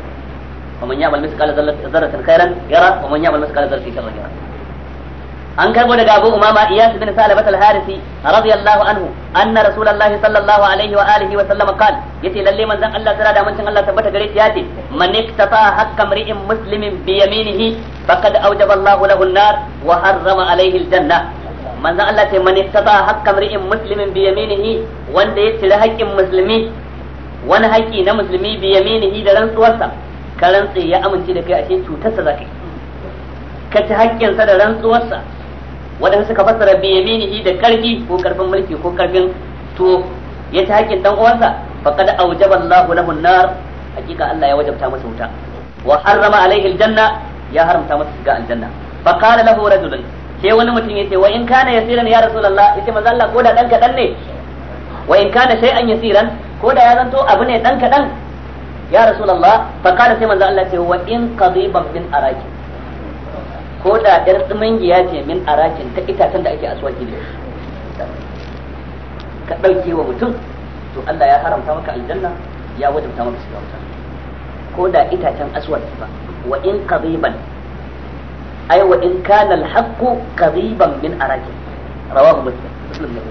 wa man ya'mal mithqala dharratin khairan yara wa man ya'mal mithqala yara an karbo daga Abu Umama Iyas bin Salabat al-Harisi radiyallahu anhu anna Rasulullahi sallallahu alaihi wa alihi wa sallam qal yace lalle manzon Allah tsara da manzon Allah tabbata gare shi yace man iktata hakka mri'in muslimin bi yaminihi faqad awjaba Allahu lahu an-nar wa harrama alaihi al-janna manzon Allah ce man ittaba haqqan ri'in muslimin bi yaminihi wanda ya cire haƙƙin musulmi wani haƙƙi na musulmi bi yaminihi da rantsuwarsa ka rantse ya amince da kai a cikin cutarsa za ka yi ka ci haƙƙinsa da rantsuwarsa waɗanda suka fassara bi yaminihi da karfi ko karfin mulki ko karfin tuwo ya ci haƙƙin dan uwansa faqad awjaba Allahu lahu an-nar hakika Allah ya wajabta masa wuta wa harrama alaihi janna ya haramta masa shiga aljanna fa qala lahu rajulun sai wani mutum ya ce wa in kana yasiran ya rasulullah yace manzo Allah ko da dan kadan ne wa in kana shay'an yasiran ko da ya zanto abu ne dan kadan ya rasulullah fa kana sai manzo Allah ce wa in qadiban min araki ko da dar tsumangiya ce min arakin ta itacen da ake aswaki ne ka dauke wa mutum to Allah ya haramta maka aljanna ya wajabta maka shiga wuta ko da itacen aswaki ba wa in qadiban ai wa in kana al-haqqu qariban min arakin rawahu muslim muslim ne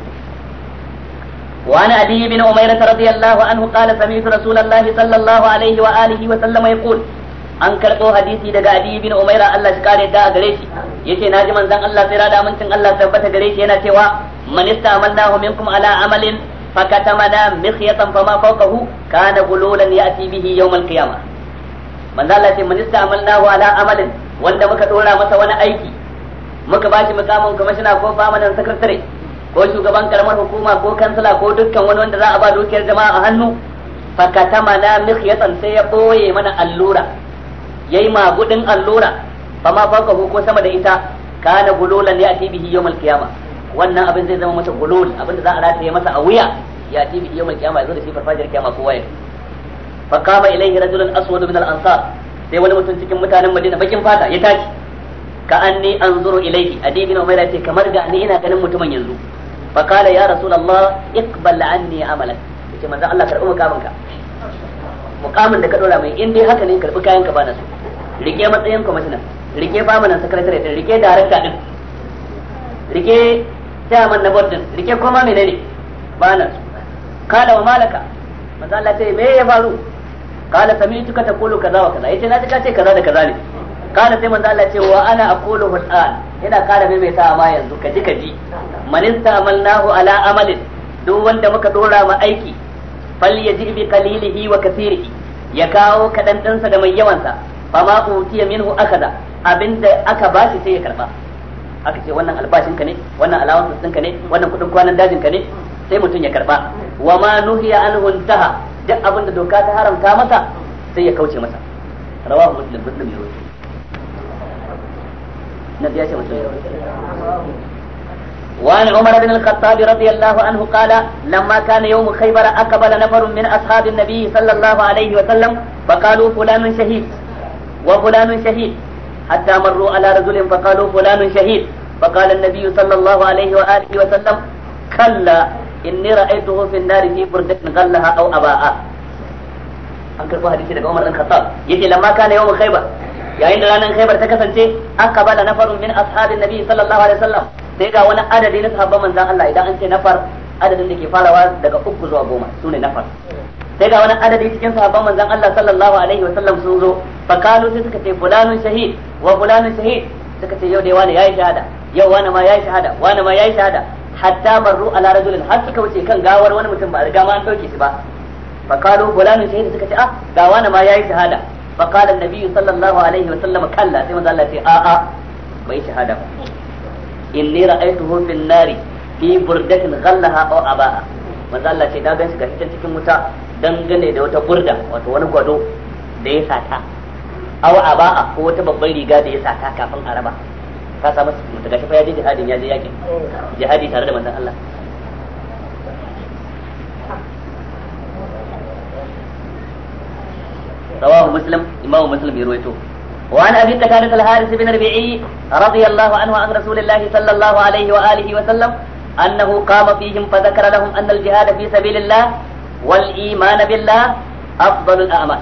وعن علي بن أميرة رضي الله عنه قال سمعت رسول الله صلى الله عليه وآله وسلم يقول an karɓo hadisi daga Ali bin Umaira Allah shi kare ta gare shi yace na ji manzon Allah sai rada amincin Allah tabbata gare shi yana cewa man istamannahu minkum ala amalin fakatamana mikhyatan fama fawqahu kana gululan ya'ti bihi yawm al-qiyamah manzon Allah ce ala amalin wanda muka dora masa wani aiki muka bashi mukamin kwamishina ko famanin sakatare ko shugaban karamar hukuma ko kansila ko dukkan wani wanda za a ba dukiyar jama'a a hannu fakatama na mikhyatan sai ya ɓoye mana allura Ya yi magudin allura ma fauka ko sama da ita kana gulolan ya ati bihi yau malkiyama wannan abin zai zama masa gulol abin da za a rataye masa a wuya ya ati bihi malkiyama ya zo da shi farfajiyar kiyama kowa ya fakama ilaihi rajulun aswadu min al-ansar sai wani mutum cikin mutanen Madina bakin fata ya tashi ka anni anzuru ilayhi adi bin umayra ce kamar ga ni ina ganin mutumin yanzu fa kala ya rasulullah iqbal anni amalak yace manzo Allah karbi mukamin ka mukamin da ka dora mai in dai haka ne karbi kayan ka bana su rike matsayin commissioner rike bamanan secretary din rike director din rike chairman na board din rike koma menene bana su kala wa malaka manzo Allah ce me ya faru qala sami'tuka taqulu kaza wa kaza yace na ji ka ce kaza da kaza ne qala sai manzo Allah ce wa ana aqulu al'an ina mai maimaita ma yanzu ka ji ka ji man ista'malnahu ala amalin duk wanda muka dora ma aiki Fal falyaji bi qalilihi wa kathirihi ya kawo kadan dinsa da mai yawansa fa ma utiya minhu akaza abinda aka ba shi sai ya karba aka ce wannan albashin ka ne wannan alawansa din ka ne wannan kudin kwanan dajin ka ne sai mutum ya karba wa ma nuhiya anhu intaha duk abin da doka ta haramta masa sai ya kauce masa rawahu muslim muslim ya rawaito na biya ce muslim وعن عمر بن الخطاب رضي الله عنه قال لما كان يوم خيبر أقبل نفر من أصحاب النبي صلى الله عليه وسلم فقالوا فلان شهيد وفلان شهيد حتى مروا على رجل فقالوا فلان شهيد فقال النبي صلى الله عليه وآله وسلم كلا inni ra'aytuhu fi an-nari fi burdatin ghallaha aw aba'a an karbo hadisi daga Umar bin Khattab yace lamma kana yawm Khaybar yayin da ranar Khaybar ta kasance an kabala nafarun min ashabin nabi sallallahu alaihi wasallam sai ga wani adadi na sahabban manzon Allah idan an ce nafar adadin da ke farawa daga uku zuwa goma sune nafar sai ga wani adadi cikin sahabban manzon Allah sallallahu alaihi wasallam sun zo fa kalu sai suka ce fulanun shahid wa fulanun shahid suka ce yau dai wani yayi shahada yau wani ma yayi shahada wani ma yayi shahada hatta barru ala rajulin har suka wuce kan gawar wani mutum ba riga ma an dauke shi ba fa qalu fulanin shahidi suka ce ah ga wani ma yayi shahada fa qala annabi sallallahu alaihi wa sallam kalla sai manzo Allah ya ce a a bai shahada ba inni ra'aytuhu fil nari fi burdatin ghallaha aw aba'a manzo Allah ce da gan shi cikin wuta dangane da wata burda wato wani gwado da ya sata aw aba'a ko wata babban riga da ya sata kafin araba ka sa masa mutu gashi fa ya jihadin ya yakin jihadi tare da manzon Allah
رواه مسلم
إمام مسلم يرويته وعن أبي قتادة الحارث بن ربيعي رضي الله عنه عن رسول الله صلى الله عليه وآله وسلم أنه قام فيهم فذكر لهم أن الجهاد في سبيل الله والإيمان بالله أفضل الأعمال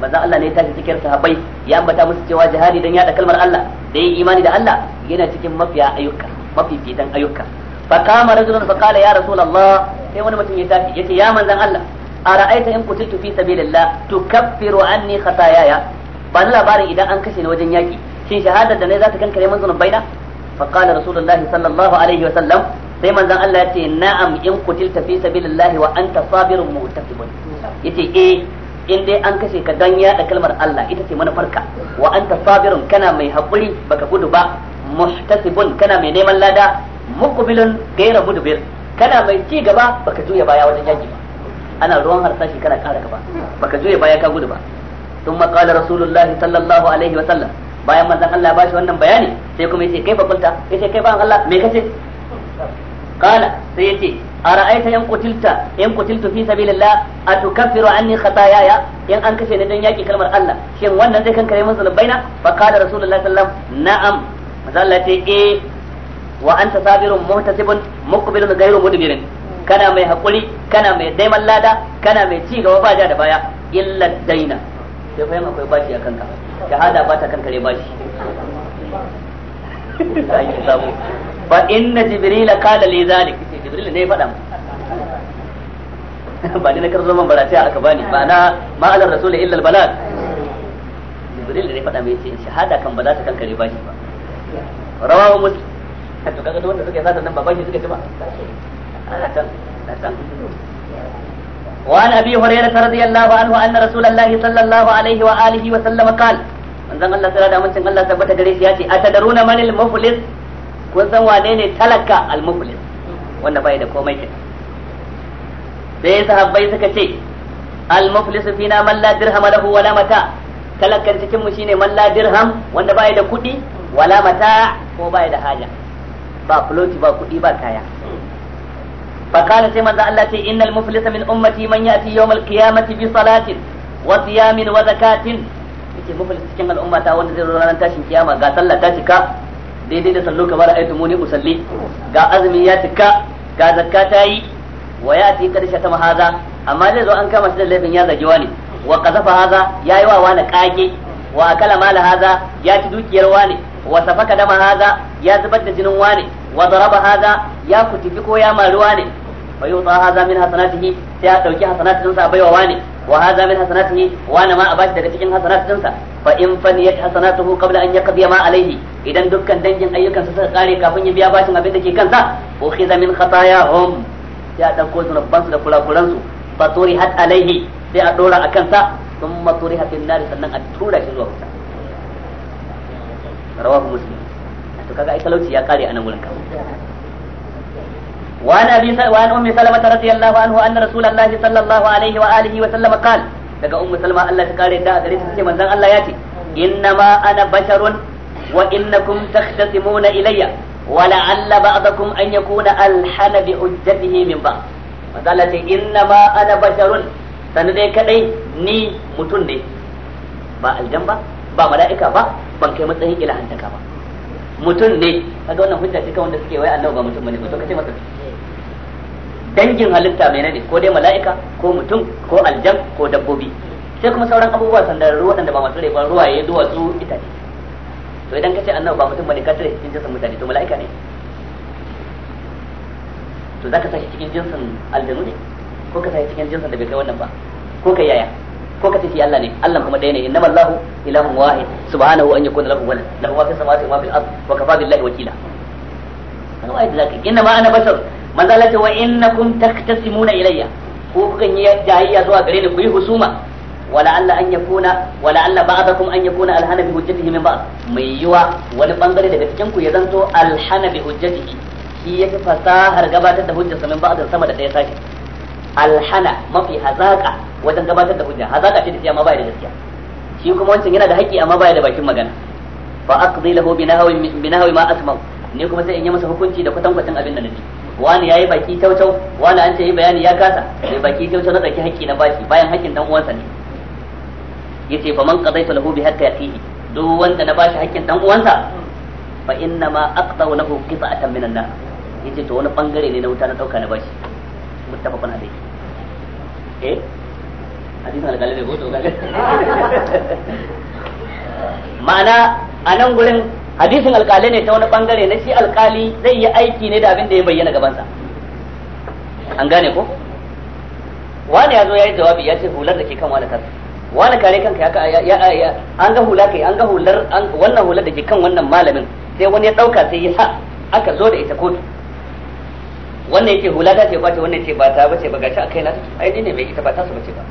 manzon Allah ne ya tashi cikin sahabbai ya ambata musu cewa jihadi dan yada kalmar Allah da yin imani da Allah yana cikin mafiya ayyuka mafifitan ayyuka fa kama rajulun fa qala ya rasulullah sai wani mutum ya tashi yace ya manzon Allah ara'aita in qutiltu fi sabilillah tukaffiru anni khataayaya ba ni labarin idan an kashe ni wajen yaki shin shahada da ne za ta kankare mun zunubai na fa qala rasulullahi sallallahu alaihi wa sallam sai manzon Allah ya ce na'am in qutilta fi sabilillah wa anta sabirun mu'taqibun yace eh in dai an kashe ka dan yada kalmar Allah ita ce farka wa anta sabirun kana mai hakuri baka gudu ba muhtasibun kana mai neman lada muqbilun gaira mudbir kana mai ci gaba baka juya baya wajen yaji ba ana ruwan harsashi kana kara gaba baka juya baya ka gudu ba sun قال rasulullahi sallallahu alaihi wa sallam bayan manzon Allah ya bashi wannan bayani sai kuma yace kai ba kulta yace kai ba Allah me kace qala sai yace ara'aita yan qutilta yan qutiltu fi sabilillah atukaffiru kasa yaya yan an kashe ni dan yaki kalmar Allah shin wannan zai kankare min zunubaina fa qala rasulullahi sallallahu alaihi wasallam na'am manzo Allah ce eh wa anta sabirun muhtasibun muqbilun ghairu mudbirin kana mai hakuri kana mai daiman lada kana mai ci gaba ba da baya illa daina sai fa akwai bashi a kanka fa inna jibrila qala li zalik jibril ne faɗa ba ni na karzo man barati aka bani ba na ma alar rasul illa al balad jibril ne faɗa mu ce. shahada kan ba za ta kankare ba shi ba rawahu muslim to kaga wanda suka sata nan ba bashi suka ci ba ana can ana can وعن ابي هريره رضي الله عنه ان رسول الله صلى الله عليه واله وسلم قال من زمان الله سرada mun Allah tabbata gare shi yace atadruna manil kun san wane ne talaka al-muflis wanda bai da komai kin sai sahabbai suka ce al-muflis fina man la dirham lahu wala mata talakan cikin mu shine man la dirham wanda bai da kuɗi wala mata ko bai da haja ba floti ba kuɗi ba kaya Allah فقال سيما الله إن المفلس من أمتي من يأتي يوم القيامة بصلاة وصيام وزكاة yake mafalin cikin al ummata wanda zai zo ranar tashin kiyama ga sallah ta cika daidai da sallo kamar ayatu muni usalli ga azumi ya cika ga zakka ta yi wa ya ti karshe ta mahaza amma zai zo an kama shi da laifin ya zagi wani wa qazafa haza ya yi wa wani kage wa akala mala haza ya ci dukiyar wani wa safaka dama haza ya zubar da jinin wani wa daraba haza ya kutifi ko ya maruwa ne fa yuta haza min hasanatihi sai ya dauki hasanatin a baiwa wani wa hadha min hasanatihi wa ana ma abashi daga cikin hasanatinsa fa in faniyat hasanatuhu qabla an yaqdiya ma alayhi idan dukkan dangin ayyukansa suka kare kafin ya biya bashin abin da ke kansa ukhiza min khatayahum ya dauko zunubansu da kulakulansu fa turihat alayhi sai a dora a kansa thumma turihat fin nar sannan a tura shi zuwa wuta rawahu muslim to kaga ai talauci ya kare a nan
وعن ابي سل... وعن ام سلمة
رضي الله عنه ان رسول الله صلى الله عليه واله وسلم قال daga ummu salma Allah ta kare da gare ta ce manzon Allah ya ce innama ana basharun wa innakum takhtasimuna ilayya wa la'alla ba'dakum an yakuna alhana bi hujjatihi min ba manzon Allah ce innama ana basharun sanin dai kadai ni mutum ne ba aljan ba ba ba ban kai matsayin ilahantaka ba ba mutum dangin halitta ne ko dai mala'ika ko mutum ko aljan ko dabbobi sai kuma sauran abubuwa sandararru waɗanda ba masu ruwa ya ruwaye duwatsu itace to idan ka ce annabi ba mutum bane ka tare cikin jinsin mutane to mala'ika ne to zaka sashi cikin jinsin aljanu ne ko ka sashi cikin jinsin da bai kai wannan ba ko kai yaya ko ka ce shi Allah ne Allah kuma dai ne innama Allahu ilahun wahid subhanahu an yakuna lahu walad lahu ma fis samawati wa ma fil ardi wa kafa billahi wakila kana wai da zaka inna ma ana bashar manzo Allah ta wa innakum taktasimuna ilayya ko kukan yi jayayya zuwa gare ni ku yi husuma wala Allah an yakuna wala Allah ba'dakum an yakuna alhana bi hujjatihi min ba'd mai yiwa wani bangare daga cikin ku ya zanto alhana bi hujjatihi shi yafi fasahar gabatar da hujjarsa min ba'd sama da ɗaya sashi alhana mafi hazaka wajen gabatar da hujja hazaka ce da amma baya da gaskiya shi kuma wancan yana da haƙƙi amma baya da bakin magana fa aqdi lahu bi nahwi bi nahwi ma asma ni kuma sai in yi masa hukunci da kwatankwacin abin da nufi wani ya yi baki tautau wani an ce yi bayani ya kasa mai baki tautau na tsaki haƙƙi na bashi bayan haƙƙin dan uwansa ne ce fa man su lahu bi haqqi akhihi duk wanda na bashi haƙƙin dan uwansa fa inna ma aqtau lahu qita'atan minan nar yace to wani bangare ne na wuta na dauka na bashi muttafaqun alayhi eh hadisin alƙalai ne ko to ma'ana a nan gurin hadisin alƙalai ne ta wani bangare na shi alƙali zai yi aiki ne da abin da ya bayyana gabansa an gane ko wani ya zo ya yi jawabi ya ce hular da ke kan wani kansa wani kare kanka ya ya an ga hula kai an ga hular wannan hular da ke kan wannan malamin sai wani ya ɗauka sai ya sa aka zo da ita kotu wannan yake hula ta ce kwace wannan ce ba ta bace ba gashi a na ai ne mai ita ba ta su bace ba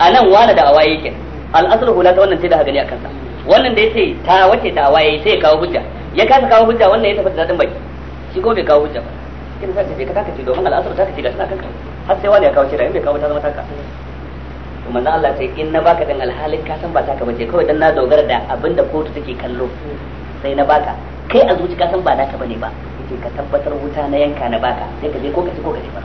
a nan wani da awaye yake al'asar hula ta wannan ce da ne a sa wannan da yace ta wace ta waye sai ya kawo hujja ya kasa kawo hujja wannan ya tafi da dadin baki shi ko bai kawo hujja ba kin san ka taka ce domin al'asar ta kace ga suna kanka har sai wani ya kawo ce in bai kawo ta zama ka to manzo Allah sai in na baka dan alhalin ka san ba ka bace kawai dan na dogara da abinda kotu take kallo sai na baka kai a zuci ka san ba naka bane ba yace ka tabbatar wuta na yanka na baka sai ka je ko ka ci ko ka ci ba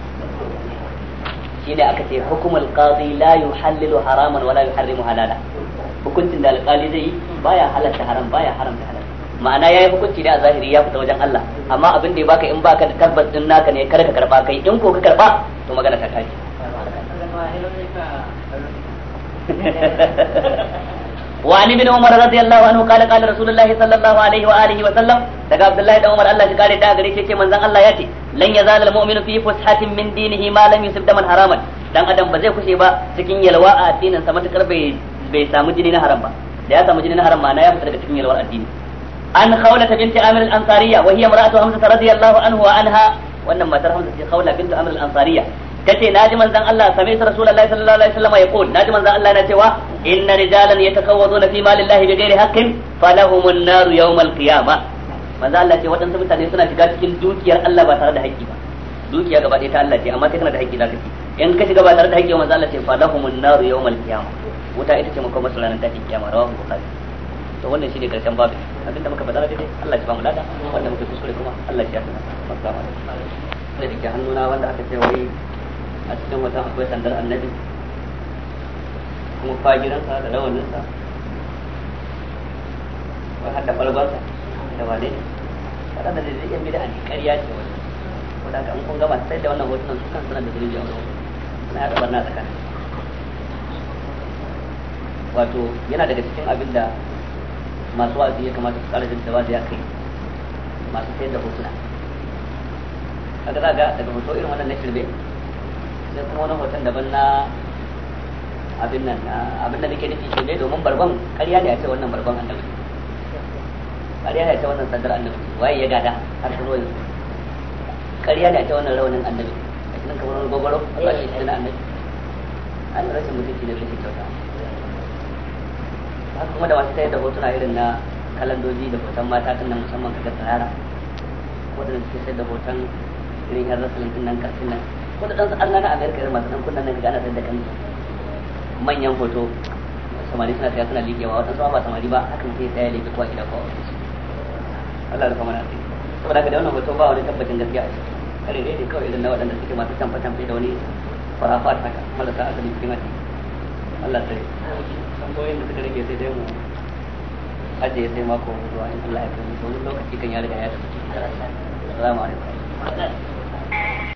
shine aka ce hukumul qadi la yuhallilu haraman wala yuharrimu halala hukuncin da alƙali zai yi baya halatta haram baya haramta halal ma'ana yayi hukunci da a zahiri ya fita wajen Allah amma abin da ya baka in baka da tabbas din naka ne kar ka karba kai in ko ka karba to magana ta kaji وعن ابن bin umar الله عنه قال قال رسول الله صلى الله عليه واله وسلم daga Abdullahi da Umar Allah ya kare ta gare shi ce manzon Allah ya lan ya al mu'minu fi fushatin min dinihi ma lam yusib daman haraman dan adam ba zai kushe ba cikin yalwa a addinin sa matakar bai bai samu jini na haram ba da ya samu jini na haram ma na ya fita daga cikin yalwar addini an khawla binti amir al-ansariya wa hiya mar'atu hamza radiyallahu anhu wa anha wannan matar hamza ce khawla bintu amir al-ansariya tace naji manzon Allah sami sa rasulullahi sallallahu alaihi wasallam ya qul naji manzon Allah na cewa inna rijalan yatakawwaduna fi malillahi bighairi haqqin falahumun naru yawmal qiyamah manzon Allah ce waɗansu mutane suna shiga cikin dukiyar Allah ba tare da haƙƙi ba dukiya gaba ɗaya ta Allah ce amma kai kana da haƙƙi zaka ci in ka shiga ba tare da haƙƙi manzon Allah ce falahumun naru yawmal qiyamah wuta ita ce makomar masu lanar tashin kiyama rawahu bukhari to wannan ne karshen abin da muka faɗa daidai Allah shi ba mu lada wanda muka kuskure kuma Allah ya tsaya masu alaikum da da dake hannuna wanda aka ce wai a cikin wata akwai sandar annabi kuma fagiransa da rawaninsa wai har da balbansa da wane ne ne da zai iya bida a ƙarya ce wani wadanda an kunga masu sai da wannan hotunan su kan suna da jirgin wani na ya ɗabar na tsakanin wato yana daga cikin abin da masu wa'azi ya kamata su kara jinta da ya kai masu sayar da hotuna kaga za ga daga hoto irin wannan na shirbe. sai kuma wani hoton daban na abin nan abin da nake nufi ne domin barban ƙarya ne a ce wannan barban annabi ƙarya ne a ce wannan sandar annabi waye ya gada har shi ruwan ƙarya ne a ce wannan rawanin annabi a cikin kamar wani gwagwaro a ba shi na annabi an rashin mutunci ne rashin kyauta haka kuma da wasu sayar da hotuna irin na kalandoji da hoton mata tun nan musamman kaga tsirara waɗanda suke sayar da hoton irin yan rasalin tun nan karfin nan ko da ɗansu an gana amerika irin masu ɗan kunnan nan gana sayar da kan manyan hoto samari suna saya suna liƙewa waɗansu ba samari ba hakan sai saya liƙe kuwa gida kuwa Allah kuma na sai saboda haka da wannan hoto ba wani tabbacin gaskiya a ciki kare ne kawai irin na waɗanda suke masu tamfe-tamfe da wani farafat haka marasa asali cikin addini Allah tsare. tambayoyin da suka rage sai dai mu ajiye sai mako mu zuwa in Allah ya kai mu wani lokaci kan ya riga ya tafi
assalamu alaikum